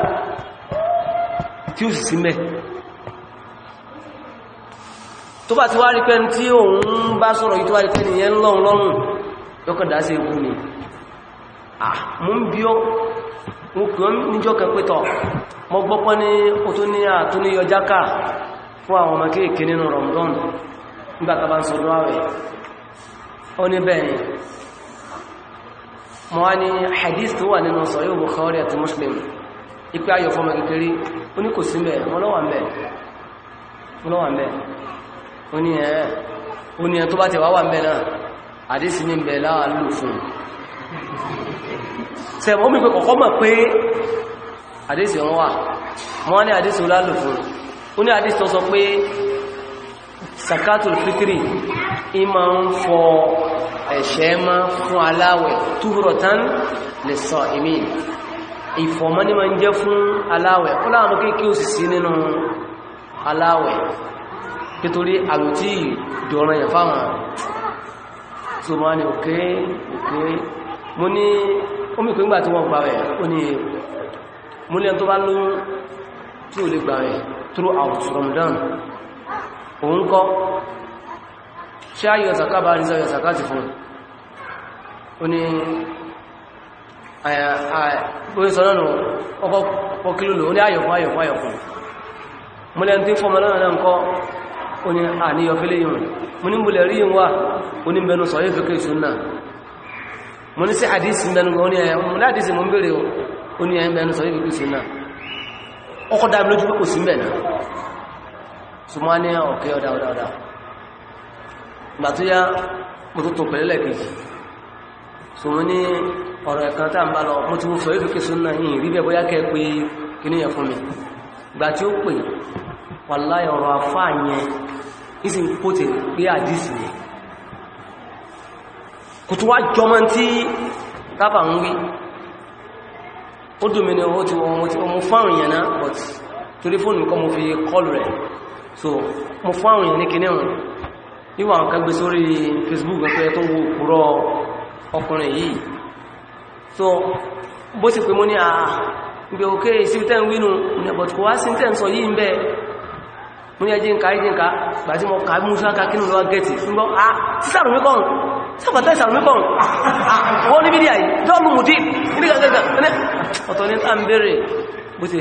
tí ó sì sí tó bá ti wá rí tí òun bá sọ̀rọ̀ yìí tó wá rí nìyẹn lọ́rùn yọ́kọ̀dá sí ikú ni ah mú ń ń pè ọ́n níjọ́ kan pétọ̀ mọ́ gbọ́pọ́ ní o tó ní àtúnlẹ́yọ jáká fún àwọn ọmọ kéèké nínú Ramadan nígbàtà bá ń sọ lọ́wọ́ ó ní bẹ́ẹ̀ ni mọ́ ní hadith tó wà nínú sọ yóò Bukhari àti Muslim ipé ayọ̀ fọmọ kékeré ó ní kò sí mẹ́ wọ́n lọ́wọ́ mẹ́ ó ní ẹ̀ tó bá ti wá wà mẹ́ sẹ́mọ́ mi pé kọ̀kọ́ mọ̀ pé àdísì wọn wà wọ́n ní àdísì olálò fún ó ní àdísì tó sọ pé sakatul fitri ima ń fọ ẹ̀ṣẹ̀ ma fún aláwẹ̀ túhùrọ̀tán lè sọ ìmì ìfọ̀mọ́ ní ma ń jẹ́ fún aláwẹ̀ ó láàánú kí kí ó sì sí nínú aláwẹ̀ nítorí àlòtí ìdọ̀rọ̀ yẹn fáwọn tó máa ní òkè òkè mo ní omi pé ńgbà tí wọ́n gbà rẹ̀ ó ní mo lẹ́n tó bá lóyún tí ò lè gbà rẹ̀ throughout Ramadan òun kọ́ ṣe ayọ̀ zaka bá ní sọ́yọ̀ zaka ti fún ó ní bóyí sọ náà ọkọ̀ pọ̀kílùlù ó ní ayọ̀ fún ayọ̀ fún ayọ̀ fún mo lẹ́n tí fọ́mọ náà náà kọ́ ó ní àníyàn fílẹ̀ yìí mo ní mbùlẹ̀ rí yìí wà ó ní mbẹnu sọ̀yẹ́ mo ní sí àdísì mẹ́nu wọn ní ẹ̀yà eh, mo láàdísì mo ń bèèrè o ní ẹ̀yà mẹ́nu sọ ní ìpínlẹ̀ sí náà ọkọ̀ dábí lójú pé kò sí mẹ́nà so máa ní ọ̀kẹ́ ah, ọ̀dá ọ̀dá ọ̀dá ìgbà tó yá mo tó tó pẹ̀lẹ́lẹ̀ kejì so mo ní ọ̀rọ̀ ẹ̀kan tá à ń bá lọ mo ti wo sọ ní ìpínlẹ̀ sí náà yìí rí bẹ́ẹ̀ bóyá kẹ́ pé kíní yẹn fún mi ìgbà tí ó pè wàláyọ̀ ọ̀rọ̀ afáà yẹn ìsìn kó tẹ̀ pé àdísì yẹn kò tó wá jọmọ tí káfà ń wí ó dùn mí ní owó tí wọ́n tí fáwọn èèyàn náà but telephone fóònù kọ́ mo fi kọlù rẹ̀ so mo fáwọn èèyàn ní kinní ọ̀rùn níwà nǹkan gbé sórí Facebook ẹgbẹ́ tó wo òkúrọ ọkùnrin yìí so bó sì pé mo ní àà gbé òkè síbi tẹ́ ń wínú ní but kò wá sí tẹ́ ń sọ yìí ń bẹ́ mo ní ẹjí ń ka ẹjí ń ka gbà tí mo kà sábàtà ìsàrùmíkọ̀n wọ́n bang. bídí àyí dia. mùdí ní gàgàgà ní ọ̀tọ̀ ní tàn bèèrè bó ti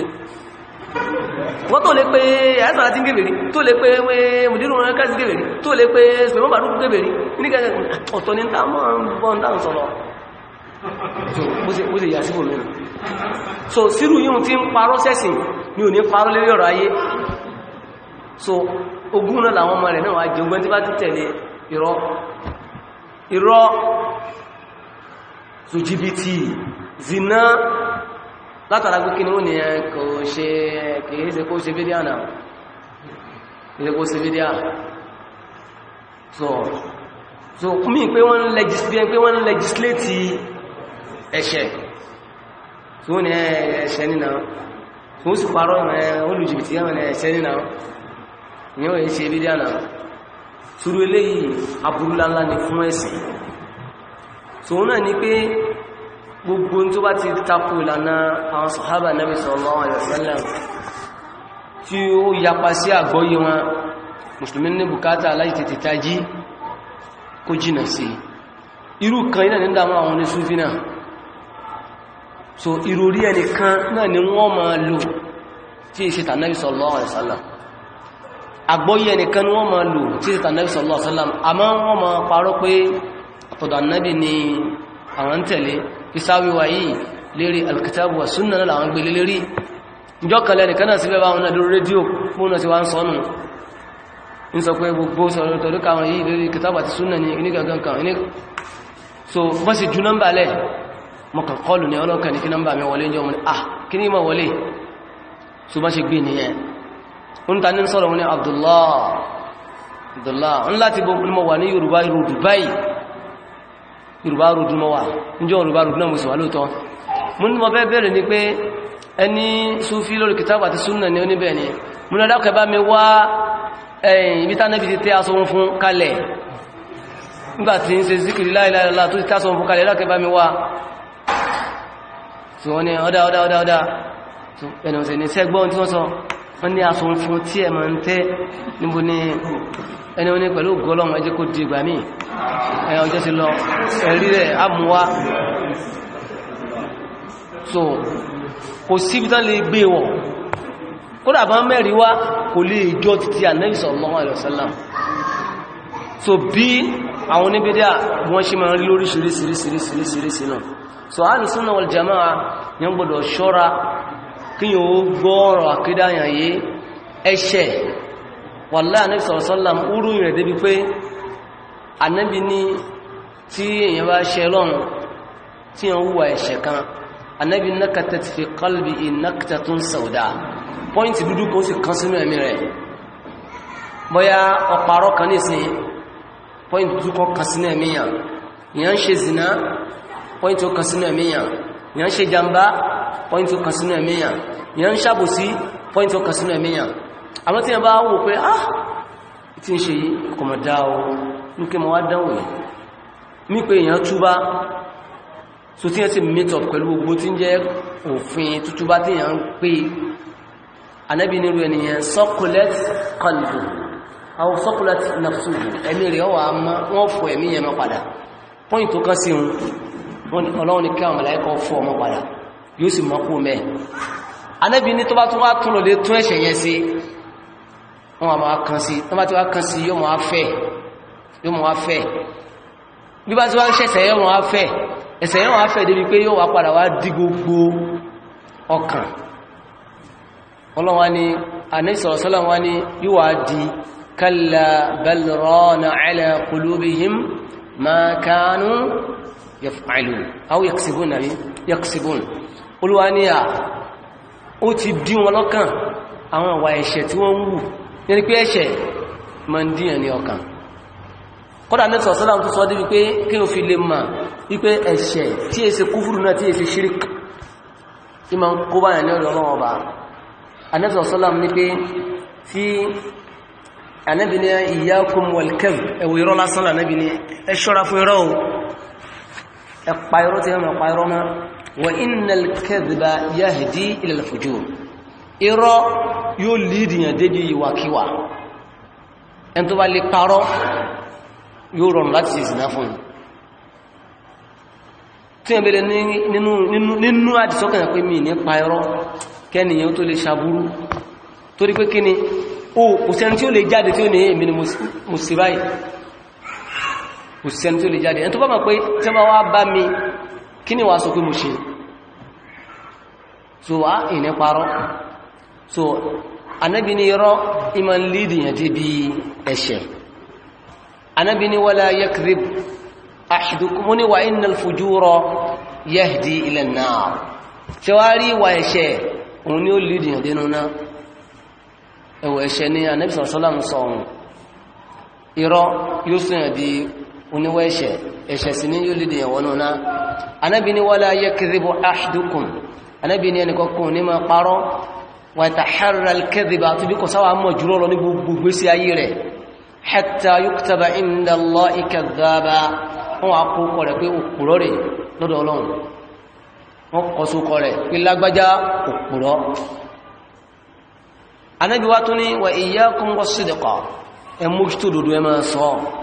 wọ́n tó lè pé àìsàn àti gẹ̀bẹ̀rí tó lè pé mùdírù wọn káàsì gẹ̀bẹ̀rí tó lè pé sùlẹ̀mọ́ bàrúkú gẹ̀bẹ̀rí ní gàgàgà ọ̀tọ̀ ní tàn bọ́n tàn sọ̀rọ̀ bó ti yà síbò mẹ́rin so sírù yíò ti ń parọ́ sẹ́sìn ní ò ní parọ́ lérí ọ̀rọ̀ ayé so ogún náà làwọn ọmọ rẹ̀ náà wà jẹun gbẹ́ tí bá irọ́ so jìbìtì zina látara pé kí ni wọ́n ni ẹ kò ṣe kìí ṣe kó ṣe fídíà náà kìí ṣe kó ṣe fídíà so so mí pé wọ́n ń legislate pé wọ́n ń legislate ẹ̀ṣẹ̀ so wọ́n ni ẹ̀ṣẹ̀ nínà so ó sì parọ́ olùjìbìtì ẹ̀ṣẹ̀ nínà ni ó ṣe fídíà náà sùúrù eléyìí aburúláńlá ni fún ẹ̀sìn sòun náà ni pé gbogbo tó bá ti tako ìlànà àwọn sàhábà Nábì sallallahu alaihi wasallam tí ó yapa sí àgbọ́yé wọn mùsùlùmí ní bùkátà láti tètè tají kó jìnà sí irú kan iná ní dámọ́ àwọn oníṣúfí náà so ìròrí ẹnìkan náà ni wọ́n máa lò tí ìṣẹ́ta Nábì sallallahu alaihi wasallam àgbọ́yé ẹnìkan ni wọ́n máa lò tí ìta nẹ́bí sallallahu alaihi wasallam àmọ́ wọ́n máa parọ́ pé àtọ̀dọ̀ ànábì ni àwọn ń tẹ̀lé ìsáwíwá yìí lérí alkitabu wa sunna náà làwọn gbélé lérí ìjọ kan lẹ́nìkan náà sí fẹ́ bá wọn náà lórí rédíò fóònà tí wá ń sọnù ń sọ pé gbogbo so wọ́n sì ju nọ́mbà lẹ̀ mọ̀kàn kọlù ní ọlọ́kàn ní kí nọ́mbà mi wọlé jọ mọ́ ah kí ní mọ̀ wọlé so bá ṣe gbé nìyẹn ń ta ní sọ̀rọ̀ wọn ni Abdullah Abdullah ń láti bọ́ mọ́ wà ní Yorùbá ròdù báyìí Yorùbá ròdù mọ́ wà níjọ́ Yorùbá ròdù náà mo sì wà lóòótọ́ mo ní mo fẹ́ bẹ̀rẹ̀ ni pé ẹni Sufi lórí kìtàbù àti súnà ni oníbẹ̀ ni mo ní adákọ̀ bá mi wá ibi tá náà fi tẹ́ aṣọ wọn fún kalẹ̀ nígbà tí ń ṣe zikiri la ilaha illallah tó ti tẹ́ aṣọ wọn fún kalẹ̀ adákọ̀ bá mi wá wọ́n ní aṣọ fún tí ẹ máa ń tẹ́ níbo ní ẹni wọ́n ní pẹ̀lú gọ́lọ́mù ẹjẹ́ kó di ìgbà míì ẹ̀yà ọjọ́ sí lọ ẹ̀rí rẹ̀ àmúwá so kò síbi tán lè gbé e wọ̀ kódà bá mẹ́rin wá kò lè jọ títí Ànábì sallallahu alaihi wasallam so bí àwọn oníbídíà wọ́n ṣe máa rí lóríṣiríṣiríṣiríṣiríṣiríṣi náà so Ahlus Sunnah wal Jamaa yẹn kíyàn ó gbọ́ọ̀rọ̀ àkídáyàn yé ẹ̀ṣẹ̀ wàláhì ní sọ̀rọ̀sọ́làm úrú rẹ̀ débi pé ànábì ní tí èyàn bá ṣe lọ́run tí yàn wúwa ẹ̀ṣẹ̀ kan ànábì nákàtà ti fi kọlùbí ìnákàtà tó ń pọ́ìntì dúdú kan sì kan sínú ẹ̀mí rẹ̀ bóyá ọ̀pàrọ̀ kan nìsín pọ́ìntì pọ́ìntì yàn ṣe jàmbá pọ́ìntì kan sínú ẹ̀míyàn yàn ṣàbòsí pọ́ìntì kan sínú ẹ̀míyàn àwọn tí yàn bá wò pé ah tí ń ṣe kọmọ̀dá o ní kí mọ́ wá dánwò yìí ní pé èèyàn túbá so tí yàn sì meet up pẹ̀lú gbogbo tí ń jẹ́ òfin tútúbá tí yàn ń ẹ̀mí rẹ̀ wà wọ́n fọ ẹ̀mí yẹn mọ́ padà pọ́ìntì kan un ọlọ́run ní kí àwọn mọ̀láíkọ́ fọ́ ọmọ padà yóò sì mọ́ kú mẹ́ anábì ní tó bá tún wá tún lò lè tún ẹ̀ṣẹ̀ yẹn sí wọ́n wà máa kan sí tó bá ti wá kan sí yóò máa fẹ́ yóò máa fẹ́ bí bá ti wá ṣẹ̀ṣẹ̀ yóò máa fẹ́ ẹ̀ṣẹ̀ yóò máa fẹ́ débi pé yóò wá padà wá dí gbogbo ọkàn ọlọ́run wá ní yóò wá di kalla bal rana ala yaf'alun aw yaksibun àbí yaksibun olúwa ní à ó ti dí wọn lọ́kàn àwọn àwà ẹ̀ṣẹ̀ tí wọ́n ń wù ní pé ẹ̀ṣẹ̀ ma ń díyàn ní ọkàn kọ́dà ní sọ̀sọ́lá tó sọ débi pé kí o fi lè mà wípé ẹ̀ṣẹ̀ tí è ṣe kúfùrù náà tí è ṣe ṣírík tí ma ń kó bá yàn ní ọ̀rọ̀ ọlọ́wọ́ anẹ́sọ̀sọ́lá ní pé tí anẹ́bìnrin ìyá kùnmọ̀lẹ́kẹ̀ẹ́ ẹ̀wọ̀ ìrọ́lásánlá anẹ́bìnrin ẹ̀ṣọ́ra fún ìrọ́ ẹ̀pà irọ́ tí wọ́n pa irọ́ mọ́ wa innal kadhiba yahdi ila al-fujur irọ́ yóò lídìyàn débi ìwàkíwà ẹni tó bá lè parọ́ yóò rọrùn láti ìsìná fún un tí wọ́n bèèrè nínú àdìsọ́kànnà pé mi ní pa irọ́ tó lè ṣàbúrú torí pé kí ni ó kò sẹ́ni tí ó lè jáde tí ó ní èmi ni mo kò sẹ́ni tó lè jáde ẹni tó bá mọ̀ pé tí wọ́n wá bá mi kí ni wà sọ pé mo ṣe so wá ìní parọ́ so anábi ni irọ́ ìmọ̀ lídìyàn dé bí ẹ̀ṣẹ̀ anábi ni wala yakrib ahadukum ni wa innal fujura yahdi ila náà ẹ̀wọ̀ ẹ̀ṣẹ̀ ni anábi oníwọ́ ẹ̀ṣẹ̀ ẹ̀ṣẹ̀ sí ní yóò lè dìyànwọ́ náà anábi ni wala yakdhibu ahadukum anábi ni ẹnì kọkùn ní ma parọ́ wa yataharra al-kadhiba tó bí kò sáwà mọ̀ jùlọ lọ ní gbogbo sí ayé rẹ̀ hatta yuktaba inda Allahi kadhaba wọ́n kọ sókọ rẹ̀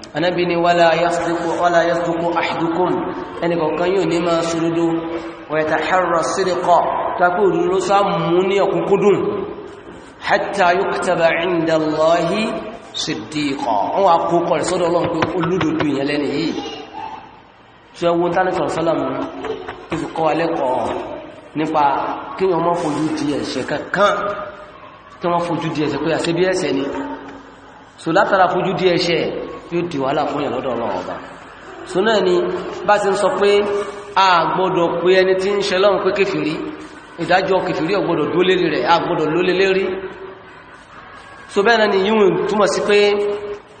anábi ni wala yasduku wala yasduku ahdukum ẹni kọ̀kan yóò ní máa ṣúrúdó wẹ̀ta harra síríkọ tàbí òdúró sáàmù ní ọkùnkúdùn hatta yuktaba inda Allahi siddiqa wọ́n wá kó kọ̀rẹ̀ sọ́dọ̀ Ọlọ́run pé olúdòdó ìyẹn látara fojú di ẹ̀ṣẹ̀ yóò di wàhálà fún yàn lọ́dọ̀ ọlọ́run ọba súnà ni bá ti ń sọ pé a gbọ́dọ̀ pé ẹni tí ń ṣe lọ́run pé kẹfìrí ìdájọ́ kẹfìrí ọ̀gbọ́dọ̀ dúólérí rẹ̀ a gbọ́dọ̀ lólélérí so bẹ́ẹ̀ náà ni yíwọ̀n túmọ̀ sí pé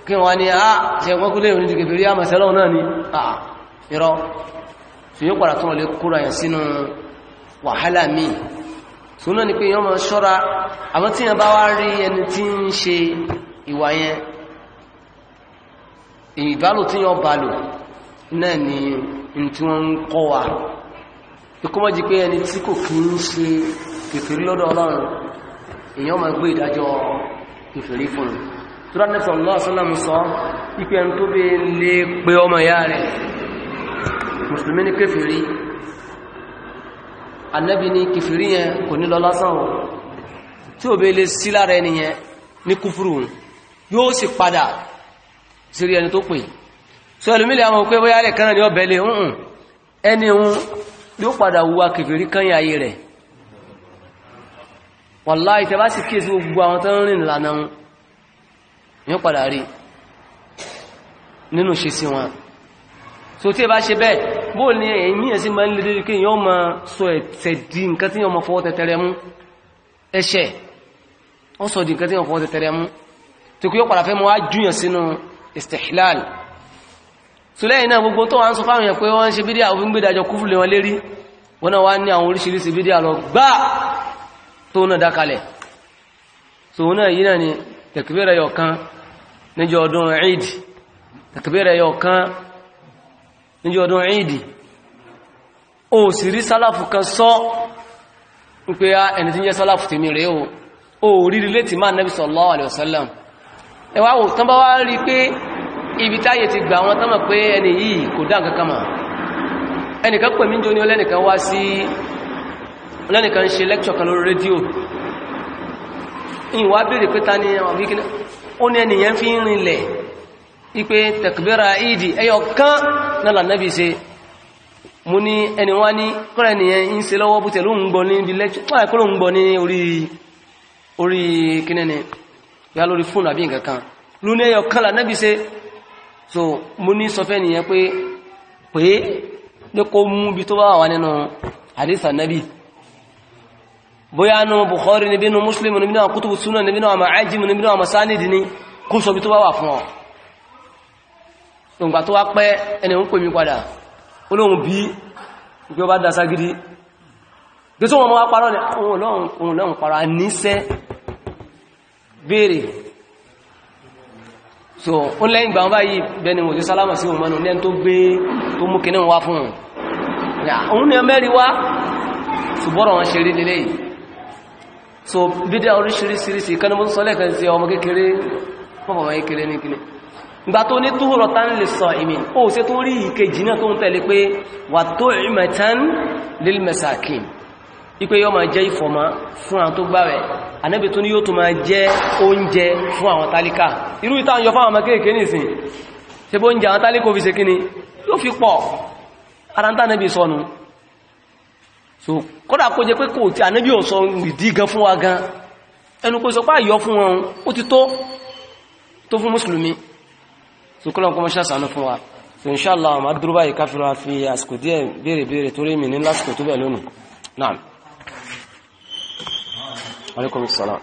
kí wọ́n ah, ni a ah, ṣe wọ́n kúlé ìrìn kẹfìrí a a irọ́ tí yóò padà tún lè kóra yẹn sínú wàhálà míì súnà ni pé yọ́n mọ̀ ṣọ́ra àwọn ìbálò tí yọ bálò náà ni n tí wọ́n ń kọ́ wa ikúmọ́ jí pé ẹni tí kò kí ń ṣe kèfèrí lọ́dọ̀ ọlọ́run èyàn máa gbé ìdájọ́ kèfèrí fún un tó dá nẹ́sàn lọ́wọ́ sọ́lọ́mù sọ ipé ẹni tó bẹ lè pe ọmọ ìyá rẹ̀ mùsùlùmí tí ò bẹ sí lára ẹni ní kúfúrú yóò sì padà sírí ẹni tó pè so ẹlòmílẹ̀ àwọn òpé bóyá lẹ̀ kánà ní ọbẹ̀ lè ń ẹni hun yóò padà wùwà kèfèrí kányà ayé rẹ̀ wàláhì tẹ́ bá sì kíyèsí gbogbo àwọn tó ń rìn lànà wọn yóò padà rí nínú ṣe sí wọn so tí ẹ bá ṣe bẹ́ẹ̀ bóò ní ẹ̀yìn ẹ̀sí máa ń lè dédé kí èèyàn máa sọ ẹ̀tẹ̀ di nǹkan tí èèyàn máa fọwọ́ tẹ̀tẹ̀rẹ̀ mú ẹ̀ṣẹ̀ ó di nǹkan tí èèyàn fọwọ́ tẹ̀tẹ̀rẹ̀ mú tí kò yóò padà fẹ́ mọ́ á júyàn sínú istihlal sùlẹ́yìn náà gbogbo tó wà ń sọ fáwọn èèyàn pé wọ́n ń ṣe bídíà òfin gbédàjọ kúfù lé wọn lérí wọ́n náà wá ní àwọn oríṣiríṣi bídíà lọ gbá tó náà dákalẹ̀ so náà yí náà ni tẹ̀kìbẹ̀rẹ̀ yọ kan níjọ ọdún Eid tẹ̀kìbẹ̀rẹ̀ yọ kan níjọ ọdún Eid ó sì rí sálàfù kan sọ ń pé ah, ẹni tí ń jẹ́ sálàfù tèmi rèé o rí ẹwà wò tán bá wá rí pé ibi táyé ti gbà wọn tán mọ̀ pé ẹni yìí kò dá nǹkan kan mọ̀ ẹnìkan pè mí jóni ọlẹ́nìkan wá sí ọlẹ́nìkan ṣe lẹ́kṣọ̀ kan lórí rédíò ìwà bèèrè pé ta ni ọ̀gbíkínà ó ní ẹnìyàn fi ń rinlẹ̀ ipé tẹ̀kbẹ́ra ìdì ẹyọ kán náà lànàbí ṣe mú ní ẹni wá ní kọ́rẹ̀ ènìyàn ń ṣe lọ́wọ́ bútẹ̀ orí kíní yá lórí fóònù àbí nǹkan kan lónìí ẹyọ kan lànàbí ṣe so mo ní sọ fẹ́ nìyẹn pé pé ní kó mú bí tó bá wà nínú àdìsà nàbí bóyá nù Bukhari níbi nù Muslim níbi náà kútùbù súnà níbi náà ma'ajim níbi náà masánìdì ní kó sọ bí tó bá wà fún ọ ìgbà tó wá pẹ́ ẹni ń pè mí padà olóhun bí ìgbé ọba dasa gidi gbé tó wọn mọ́ wá parọ́ ní ohun olóhun parọ́ níṣẹ́ béèrè so ó lẹ́yìn ìgbà wọn báyìí bẹni mò sí sálámà sí òmọ́nù ní ẹni tó gbé tó mú kìnnìún wá fún òun ni mẹ́rin wá ṣùgbọ́rọ̀ wọn ṣe rí nílé yìí so bídá oríṣiríṣiríṣi kan mọ́ sọ́lẹ̀ kan sí ọmọ kékeré pọ̀pọ̀mọ̀ kékeré ní kíní ìgbà tó ní túhùrọ̀ tán lè sọ ìmì ó ṣe tó rí ìkejì ipe yóò máa jẹ́ ìfọ̀mọ́ fún àwọn tó gbà rẹ̀ ànábì tó ní yóò tó máa jẹ́ oúnjẹ fún àwọn tálíkà irú ìta ń yọ fáwọn akéèké nìsìn ṣe bó oúnjẹ àwọn tálíkà fi ṣe kíni yóò fi pọ̀ ara ń tánàbì sọnù so kódà kó jẹ pé kò tí ànábì ò sọ ìdí gan fún wa gan ẹnu so kọ́lọ̀ kọ́mọ́ ṣàṣàánú fún so inṣáàlá àwọn adúrúbáyìí káfíra fi àsìkò díẹ̀ béèrè béèrè torí mi ní lásìkò tó bẹ̀ lónìí عليكم السلام